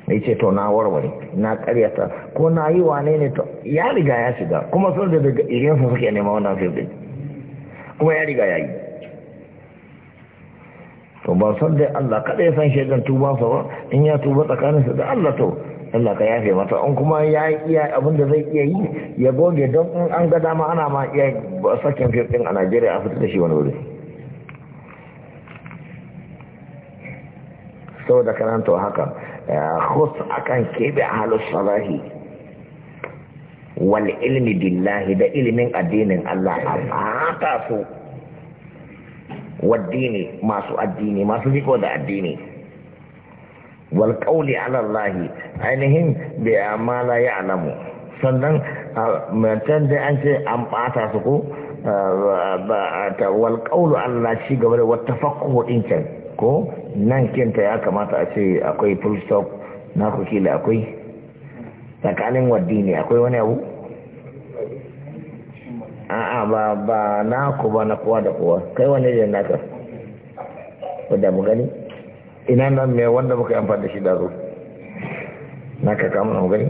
[SPEAKER 1] ya ce to na warware na karyata ko na yi wane ne to ya riga ya shiga kuma sun da daga irinsa suke nema wannan fim kuma ya riga ya yi to ba san dai Allah kada ya san shaidan tuba sa ba in ya tuba tsakanin sa da Allah to Allah ka yafe mata in kuma ya iya abin da zai iya yi ya goge don in an ga dama ana ma iya sakin fifin a Najeriya a fitar da shi wani wuri saboda karanta haka khus akan keɓe ahlus salahi wal ilmi billahi da ilimin addinin Allah a fata su waddini masu addini masu riko da addini wal qawli ala Allah ainihin bi amala la ya'lamu sannan mutan da an ce an bata su ko wal qawlu Allah shi gaba da wattafaqu din can ko nan kinta ya kamata a ce akwai full stop na ku kila akwai tsakanin waddini akwai wani abu a'a ba ba na ku ba na kowa da kowa kai wani ne naka wadda mu gani ina nan me wanda muka yi amfani da shi da zo naka kama na mu gani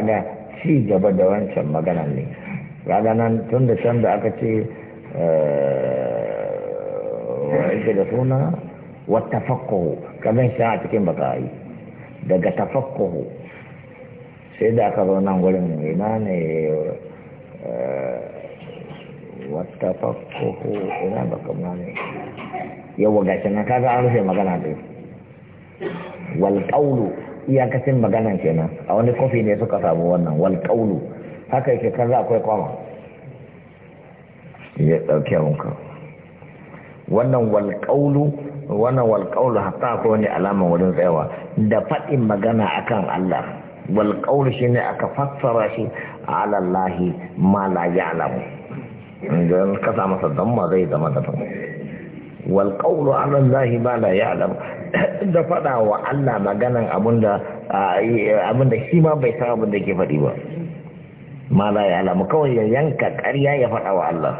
[SPEAKER 1] Yeah. ci gaba da wancan magana ne kaga nan tun da can da aka ce eh, wa'ike da suna wata fakko kamar shi a cikin baka yi daga tafakko sai da aka zo nan gurin ina ne eh, wata fakko ina baka ne yawa gashi na kaga an rufe magana dai wal qawlu iyakacin magana kenan a wani kofi ne suka samu wannan wal kaulu haka yake kan akwai kwama ya dauke wanka wannan wal kaulu wannan wal kaulu hatta akwai wani alama wurin tsayawa da faɗin magana akan Allah wal kaulu shine aka fassara shi ala Allah ma la ya'lamu idan ka samu masa ma zai zama da daban wal qawlu ala allahi ma la ya'lam *coughs* da fada wa Allah maganan abunda abunda shi ma bai san abunda ke faɗi ba ma la ya'lamu kawai ya yanka ƙarya ya fada wa Allah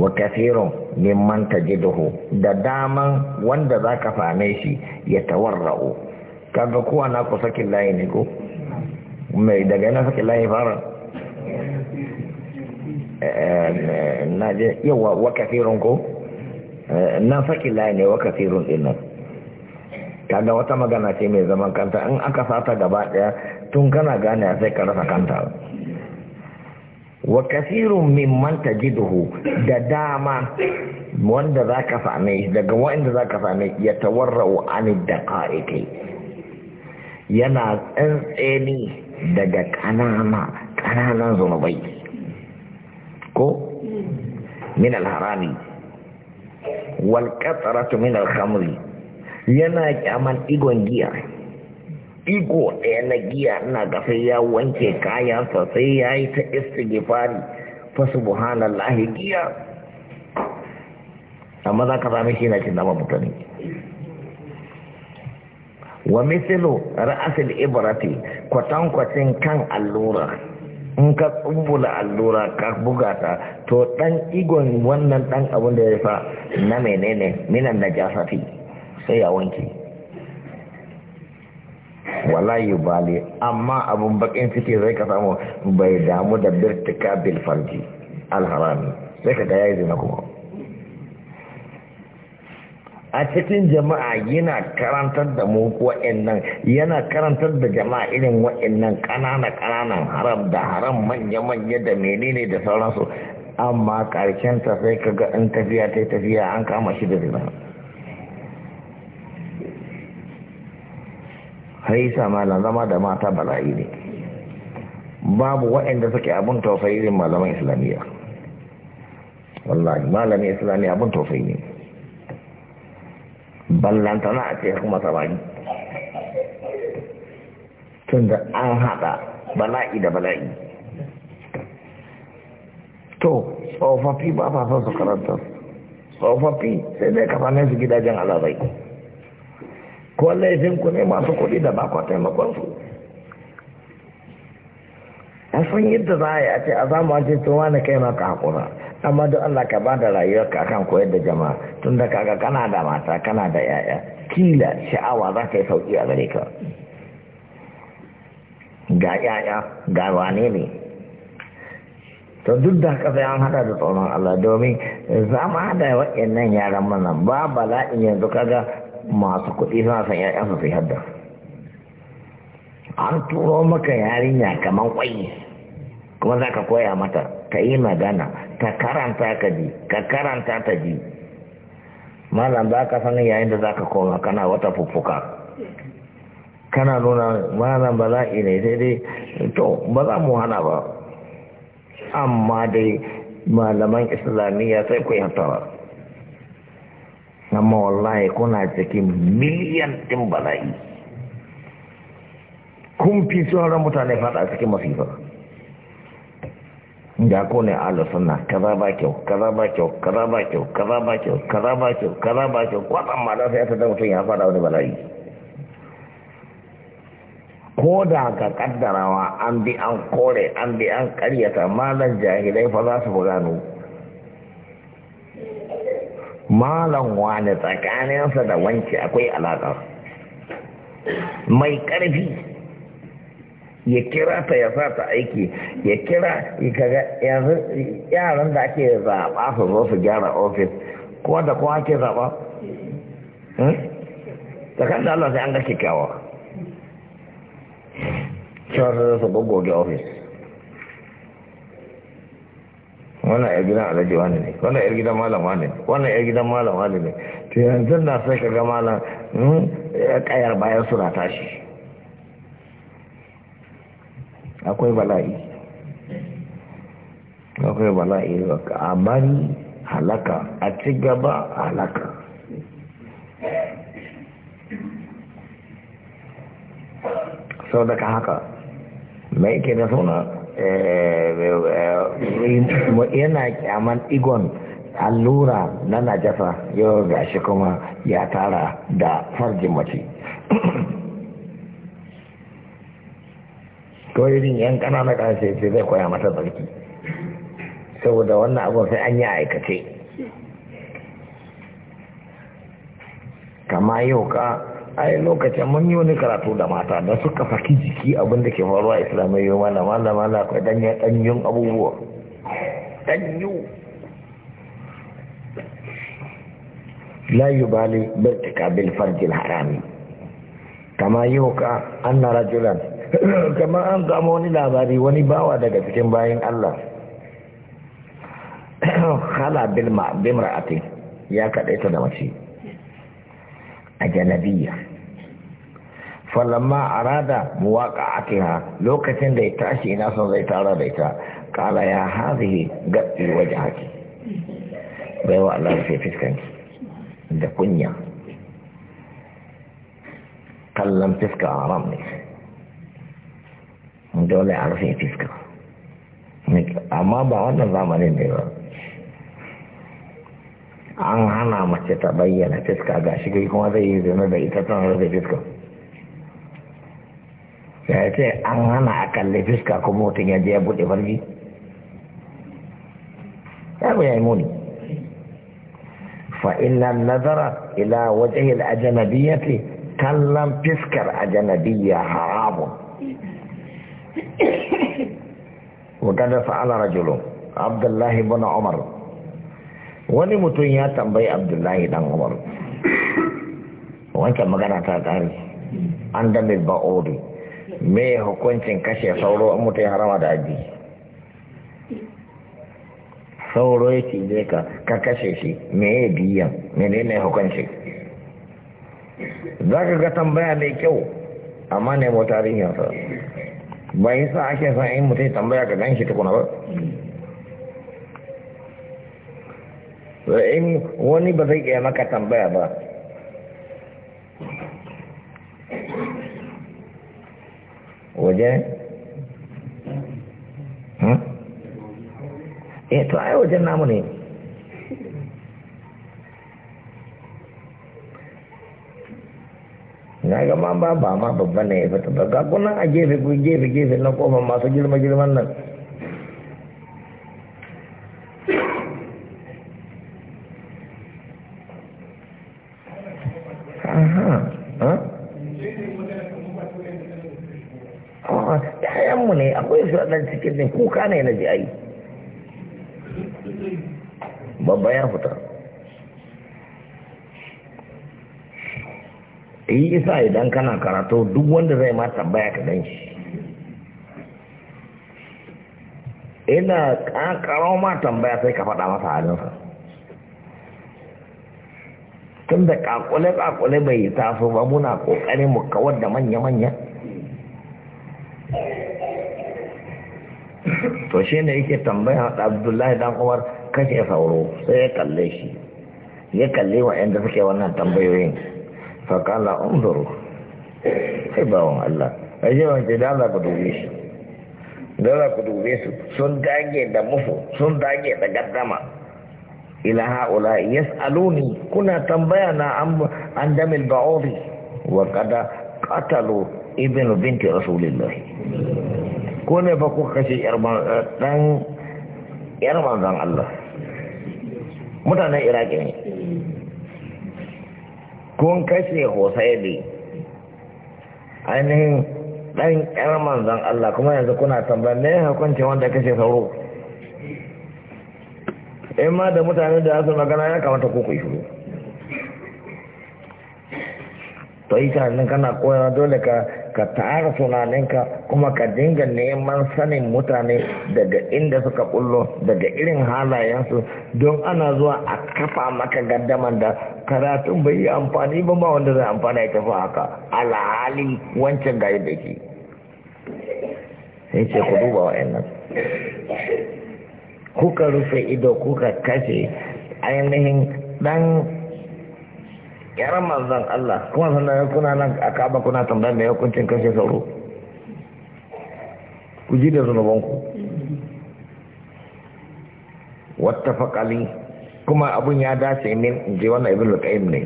[SPEAKER 1] wa kathirun mimman tajiduhu da daman wanda zaka fame shi ya tawarra'u kaga kowa na ku sakin layi ne ko mai daga yana sakin layi fara eh, eh, na je yawa wa kafirun ko na fakin layi ne wa kasirun ɗin nan kaga wata magana ce mai zaman kanta in aka sata gaba ɗaya tun kana gane sai ka rasa kanta wa kasirun mimman jiduhu da dama wanda za ka same daga wanda za ka same ya tawarra'u an daqa'iqi yana tsantseni daga kanana ƙananan zunubai ko min al wal qataratu min al khamri yana kyaman igon giya igo ɗaya na giya ina gafe ya wanke kayansa sai ya yi ta istighfari fa subhanallahi giya amma za ka same shi na cin nama mutane wa mithlu ra'asil ibrati kwatankwacin kan allura in ka tsumbula allura ka buga ta to dan igon wannan dan abin da ya fa na menene minan safi sai ya wanke wala bali amma abun bakin ciki zai ka samu bai damu da birtika bil farji al harami sai ka ga yayi zina kuma a cikin jama'a yana karantar da mu wa'annan yana karantar da jama'a irin wa'annan ƙanana ƙananan haram da haram manya manya da menene da sauransu amma karshen ta sai kaga in tafiya ta tafiya an kama shi da zina haisa malam zama da mata bala'i ne babu wa'anda suke abin tausayi irin malaman islamiyya wallahi malamin islamiyya abin tausayi ne ballantana a ce kuma samari tun da an haɗa bala'i da bala'i to tsofaffi ba fa son su karanta tsofaffi sai dai kafanin su gidajen alabai ko laifin ku ne masu kuɗi da bakwa taimakon su a san yadda za a yi a ce a zama ce to wani kai maka haƙura amma don Allah ka ba da rayuwarka akan koyar da jama'a tun da kaga kana da mata kana da yaya kila sha'awa za ta yi sauki a gare ka ga yaya ga wane ne to duk da haka sai an hada da tsoron Allah domin za mu hada waɗannan yaran mana ba bala'in yanzu kaga masu kuɗi suna san yaya su fi hadda an turo maka yarinya kamar kwai kuma za ka koya mata ka yi magana ka karanta ka ji ka karanta ta ji malam ba ka sanin yayin da za ka koma kana wata fuffuka kana nuna malam ba za'i ne sai dai to ba za mu hana ba amma dai malaman islamiyya sai ku yantawa amma wallahi kuna cikin miliyan ɗin bala'i kun fi sauran mutane fada cikin masifa ga ko ne ala sunna kaza ba kyau kaza ba kyau kaza ba kyau kaza ba kyau kaza ba kyau kaza ba kyau kwatsam ma da sai ta da mutum ya fada wani bala'i ko da ka kaddarawa an bi an kore an bi an karyata malan jahilai fa za su gano malan wani tsakaninsa da wanke akwai alaƙa mai ƙarfi ya kira ta ya sa ta aiki ya kira yanzu yaran da ake zaɓa su zo su gyara ofis ko da kuma ake zaɓa hmm? tsakanin da Allah sai an ga kyakkyawa cewar da su goge ofis wannan yar gidan alhaji wani ne wannan yar gidan malam wani ne wannan yar gidan malam wani ne to yanzu na sai ka ga malam kayar hmm, bayan suna tashi akwai bala'i akwai bala'i a bari halaka a ci gaba halaka sau daga haka mai ke da suna eh, eh, yana kyaman igon allura na najasa yau gashi kuma ya tara da farjin mace to irin yan ƙanana ƙarshe sai zai koya mata barki saboda wannan abin sai an yi aikace kama yau ka ai lokacin mun yi wani karatu da mata da suka faki jiki abin da ke faruwa islamiyya malama malama akwai ɗanyun abubuwa ɗanyu birtika يبالي harami الفرج yau ka an أن rajulan *coughs* kama an kama wani labari wani bawa daga cikin bayan Allah *coughs* hala ati, ya ta da mace a janabiya falamma arada muwaka ha, lokacin da ya tashi ina son zai tara da ita kala ya hazihi gaɗi waje haki bai wa Allah sai fiskanki da kunya kallon fiska a ne dole a rufe fiska amma ba wannan zamanin ne ba an hana mace ta bayyana fiska ga shi kuma zai yi zina da ita tana rufe fiska ya ce an hana a kalli fiska kuma mutum ya je ya buɗe bargi ya bu ya yi muni fa'inan nazara ila wajen ajanabiyyati kallon fiskar ajanabiya haramun وقد فعل رجل عبد الله بن عمر wani mutum ya tambayi abdullahi dan umar wancan magana ta kare an dame ba'ori me hukuncin kashe sauro an mutum ya harama da aji sauro ya cije ka ka kashe shi me ya biyan menene hukunci za ka ga tambaya mai kyau amma ne mu tarihinsa ba yi sa ake san in mutum tambaya ka gan shi tukuna ba in wani ba zai iya maka tambaya ba waje eh to ai wajen namu ne na ga ma ba ba ma babban ne ya fita ba ga kunan a gefe ku gefe gefe na kofar masu girma girman nan ‘ya'yanmu ne akwai su ɗan cikin ne kuka ne na ji ayi babba ya fita yi isa idan kana karatu duk wanda zai ma tambaya ka dan shi ina kakaro ma tambaya sai ka faɗa masa halinsa tun da kakule-kakule bai taso ba muna kokarin mu kawar da manya-manya to shi ne yake tambaya abdullahi dan umar kashe sauro sai ya kalle shi ya kalle wa yadda suke wannan tambayoyin faƙala unzuru sai bawon Allah ai ji wance da Allah ku dube shi da Allah ku dube su sun dage da musu sun dage da gaddama ila haula yas'aluni kuna tambaya na an damil ba'udi wa kada qatalu ibnu binti rasulillah ko ne fa ku kashe eh, dan yar manzon Allah mutanen iraki ne kun kashe hosaili ainihin ɗan ƴar manzan Allah kuma yanzu kuna tambayar ne hukuncin wanda kashe sauro in ma da mutane da su magana ya kamata ko ku to ita kana koyawa dole ka ka tara tunaninka kuma ka dinga neman sanin mutane daga inda suka bullo daga irin halayensu don ana zuwa a kafa maka gaddamar da karatun bai yi amfani ba ma wanda zai amfana ya tafi haka alhali wancan gayi da ke sai ce ku duba kuka rufe ido kuka kashe ainihin dan yaran manzan Allah kuma sannan kuna nan a kaba kuna tambayar mai hukuncin kashe sauro ku ji da zunubanku faƙali kuma abun ya dace min je wannan ibnu qayyim ne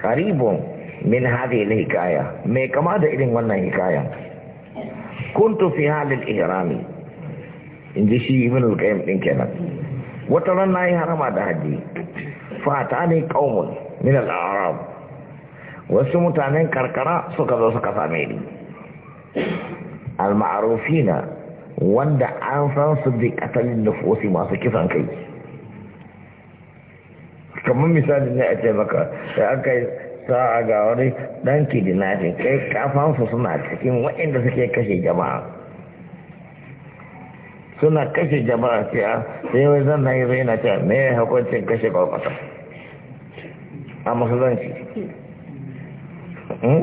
[SPEAKER 1] Karibon. min hadhihi na hikaya Mai kama da irin wannan hikaya kuntu fi halil ihrami ji shi ibnu qayyim ɗin kenan wata ran yi harama da haji ne qaumun min al wasu mutanen karkara suka zo suka same ni al-ma'rufina wanda an san su bi katalin nufusi masu kisan kai kamar misali ne a ce maka da aka yi sa'a ga wani dan kidinafin kai kafansu suna cikin waɗanda suke kashe jama'a suna kashe jama'a sai wai zan na yi zai na ce me hukuncin kashe kwakwata a musulunci hmm?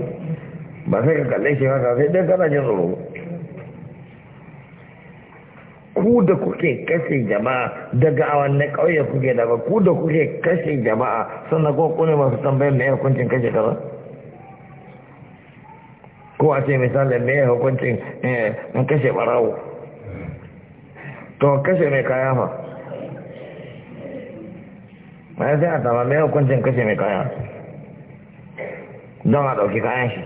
[SPEAKER 1] ba sai ka kalle shi haka sai dan kana jin tsoro ku da kuke kashe jama'a daga a wannan ƙauye kuke ba ku da kuke kashe jama'a sannan ko ne masu tambayin mai hukuncin kashe kaza ko a ce misali mai hukuncin eh, in kashe barawo to kashe mai kaya ma. bayan sai a sama mai hukuncin kashe mai kaya don a ɗauki kayan shi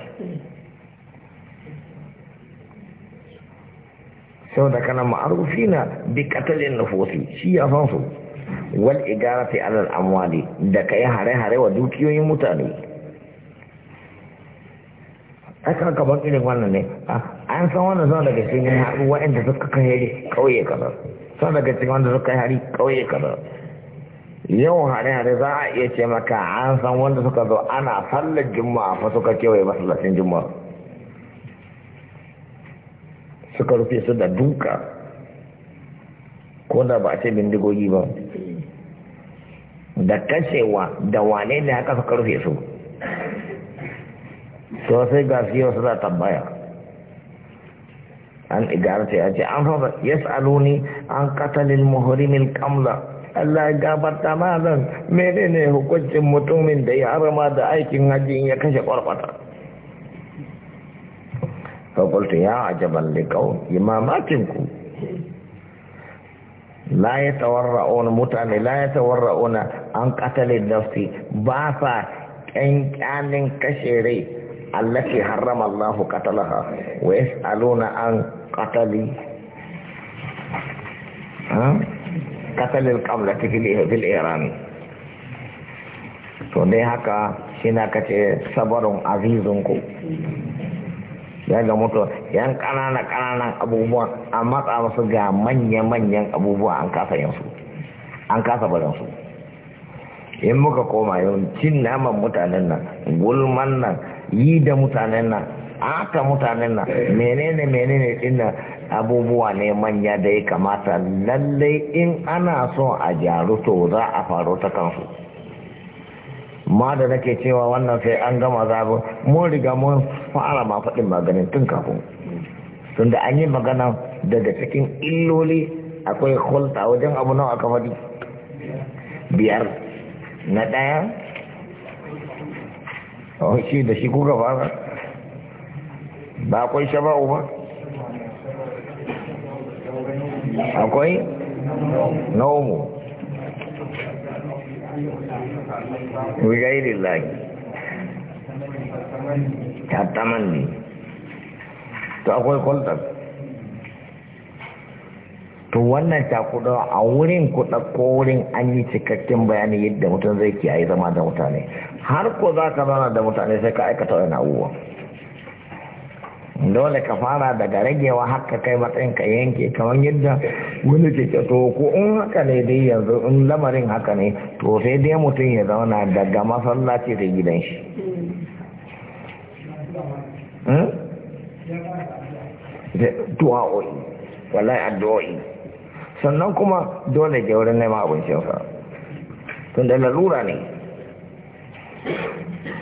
[SPEAKER 1] sau da kana ma'arufi na bi katalin nufosi shi ya san su wal igarati alal amwali da kai hare-hare wa dukiyoyin mutane aka kaban irin wannan ne an san wannan sun daga cikin haɗu waɗanda suka kai hari kauye kaza sun daga cikin wanda suka kai hari kauye kaza yau hare-hare za a iya ce maka an san wanda suka zo ana sallar juma'a fa suka kewaye masallacin juma'a suka rufe su da duka ko da ba a ce bindigogi ba da kashewa da wane ne haka suka rufe su to sai ga su yau tambaya an igarta ya ce an fara yas'aluni an qatalil muhrimil qamla Allah ya gabarta ma nan menene hukuncin mutumin da ya harama da aikin hajji ya kashe kwarkwata fakultu ya ajaban likau imamatinku la ya tawarra'una mutane la ya tawarra'una an katalin nafsi ba sa ƙyanƙyanin kashe rai allake harrama allahu katalaha wa yas'aluna an katali قتل القبلة fil irani to dai haka shi na kace sabarun Ya ga mutu yan ƙanana ƙananan abubuwan a matsa musu ga manya-manyan abubuwa an kasa yansu an kasa baransu in muka koma yau cin naman mutanen nan gulman nan yi da mutanen nan aka mutanen nan menene menene cin nan abubuwa ne manya da ya kamata lallai in ana son a jaru to za a faru ta kansu ma da nake cewa wannan sai an gama zabi mun riga mun fara ma faɗin maganin tun kafin tun da an yi magana daga cikin illoli akwai hulɗa wajen abu nawa aka faɗi biyar na ɗaya oh shi da shi kuka fara ba akwai shaba'u ba akwai nomu bigairin lagi tattaman ne to akwai kwaltar to wannan cakuda a wurin kuɗa ko wurin an yi cikakken bayani yadda mutum zai kiyaye zama da mutane har ko za ka zana da mutane sai ka aikata wani abubuwa dole ka fara daga ragewa haka kai matsayin ka yanke kamar yadda wani ke ce to ko in haka ne dai yanzu in lamarin haka ne to sai dai mutum ya zauna daga masallaci da gidan shi hmm? wallahi addu'o'i sannan kuma dole ke wurin nema abincinsa tun da lalura ne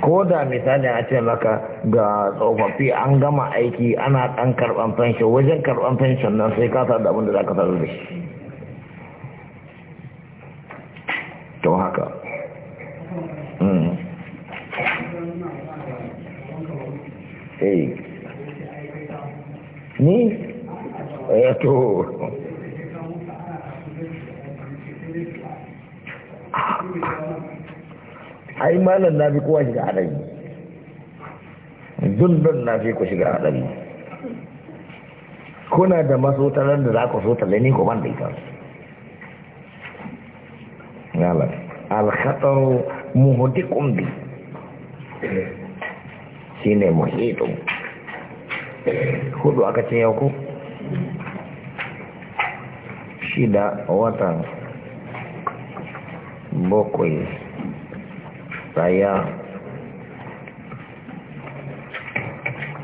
[SPEAKER 1] ko da misali a ce maka ga tsofaffi an gama aiki ana ɗan karɓan fenshin wajen karɓan fenshin nan sai ka da abin da za ka sadu da shi to haka mm. eh. ni ya eh, to ai malan na fi kowa shiga hadari dundun na fi ku shiga hadari kuna da masotarar da za ku so talle ni ko ban da ita yalar alkhatar muhudikun bi shi ne muhidun hudu aka ce yau ku shida watan bakwai saya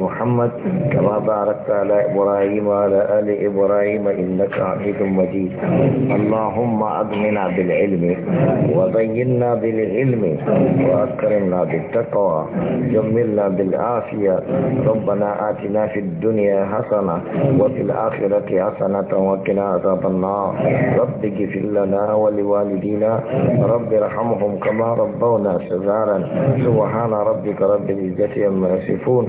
[SPEAKER 1] محمد كما باركت على إبراهيم وعلى آل إبراهيم إنك عميد مجيد اللهم أدمنا بالعلم وبينا بالعلم وأكرمنا بالتقوى جملنا بالعافية ربنا آتنا في الدنيا حسنة وفي الآخرة حسنة وقنا عذاب النار رب اغفر لنا ولوالدينا رب ارحمهم كما ربونا صغارا سبحان ربك رب العزة عما يصفون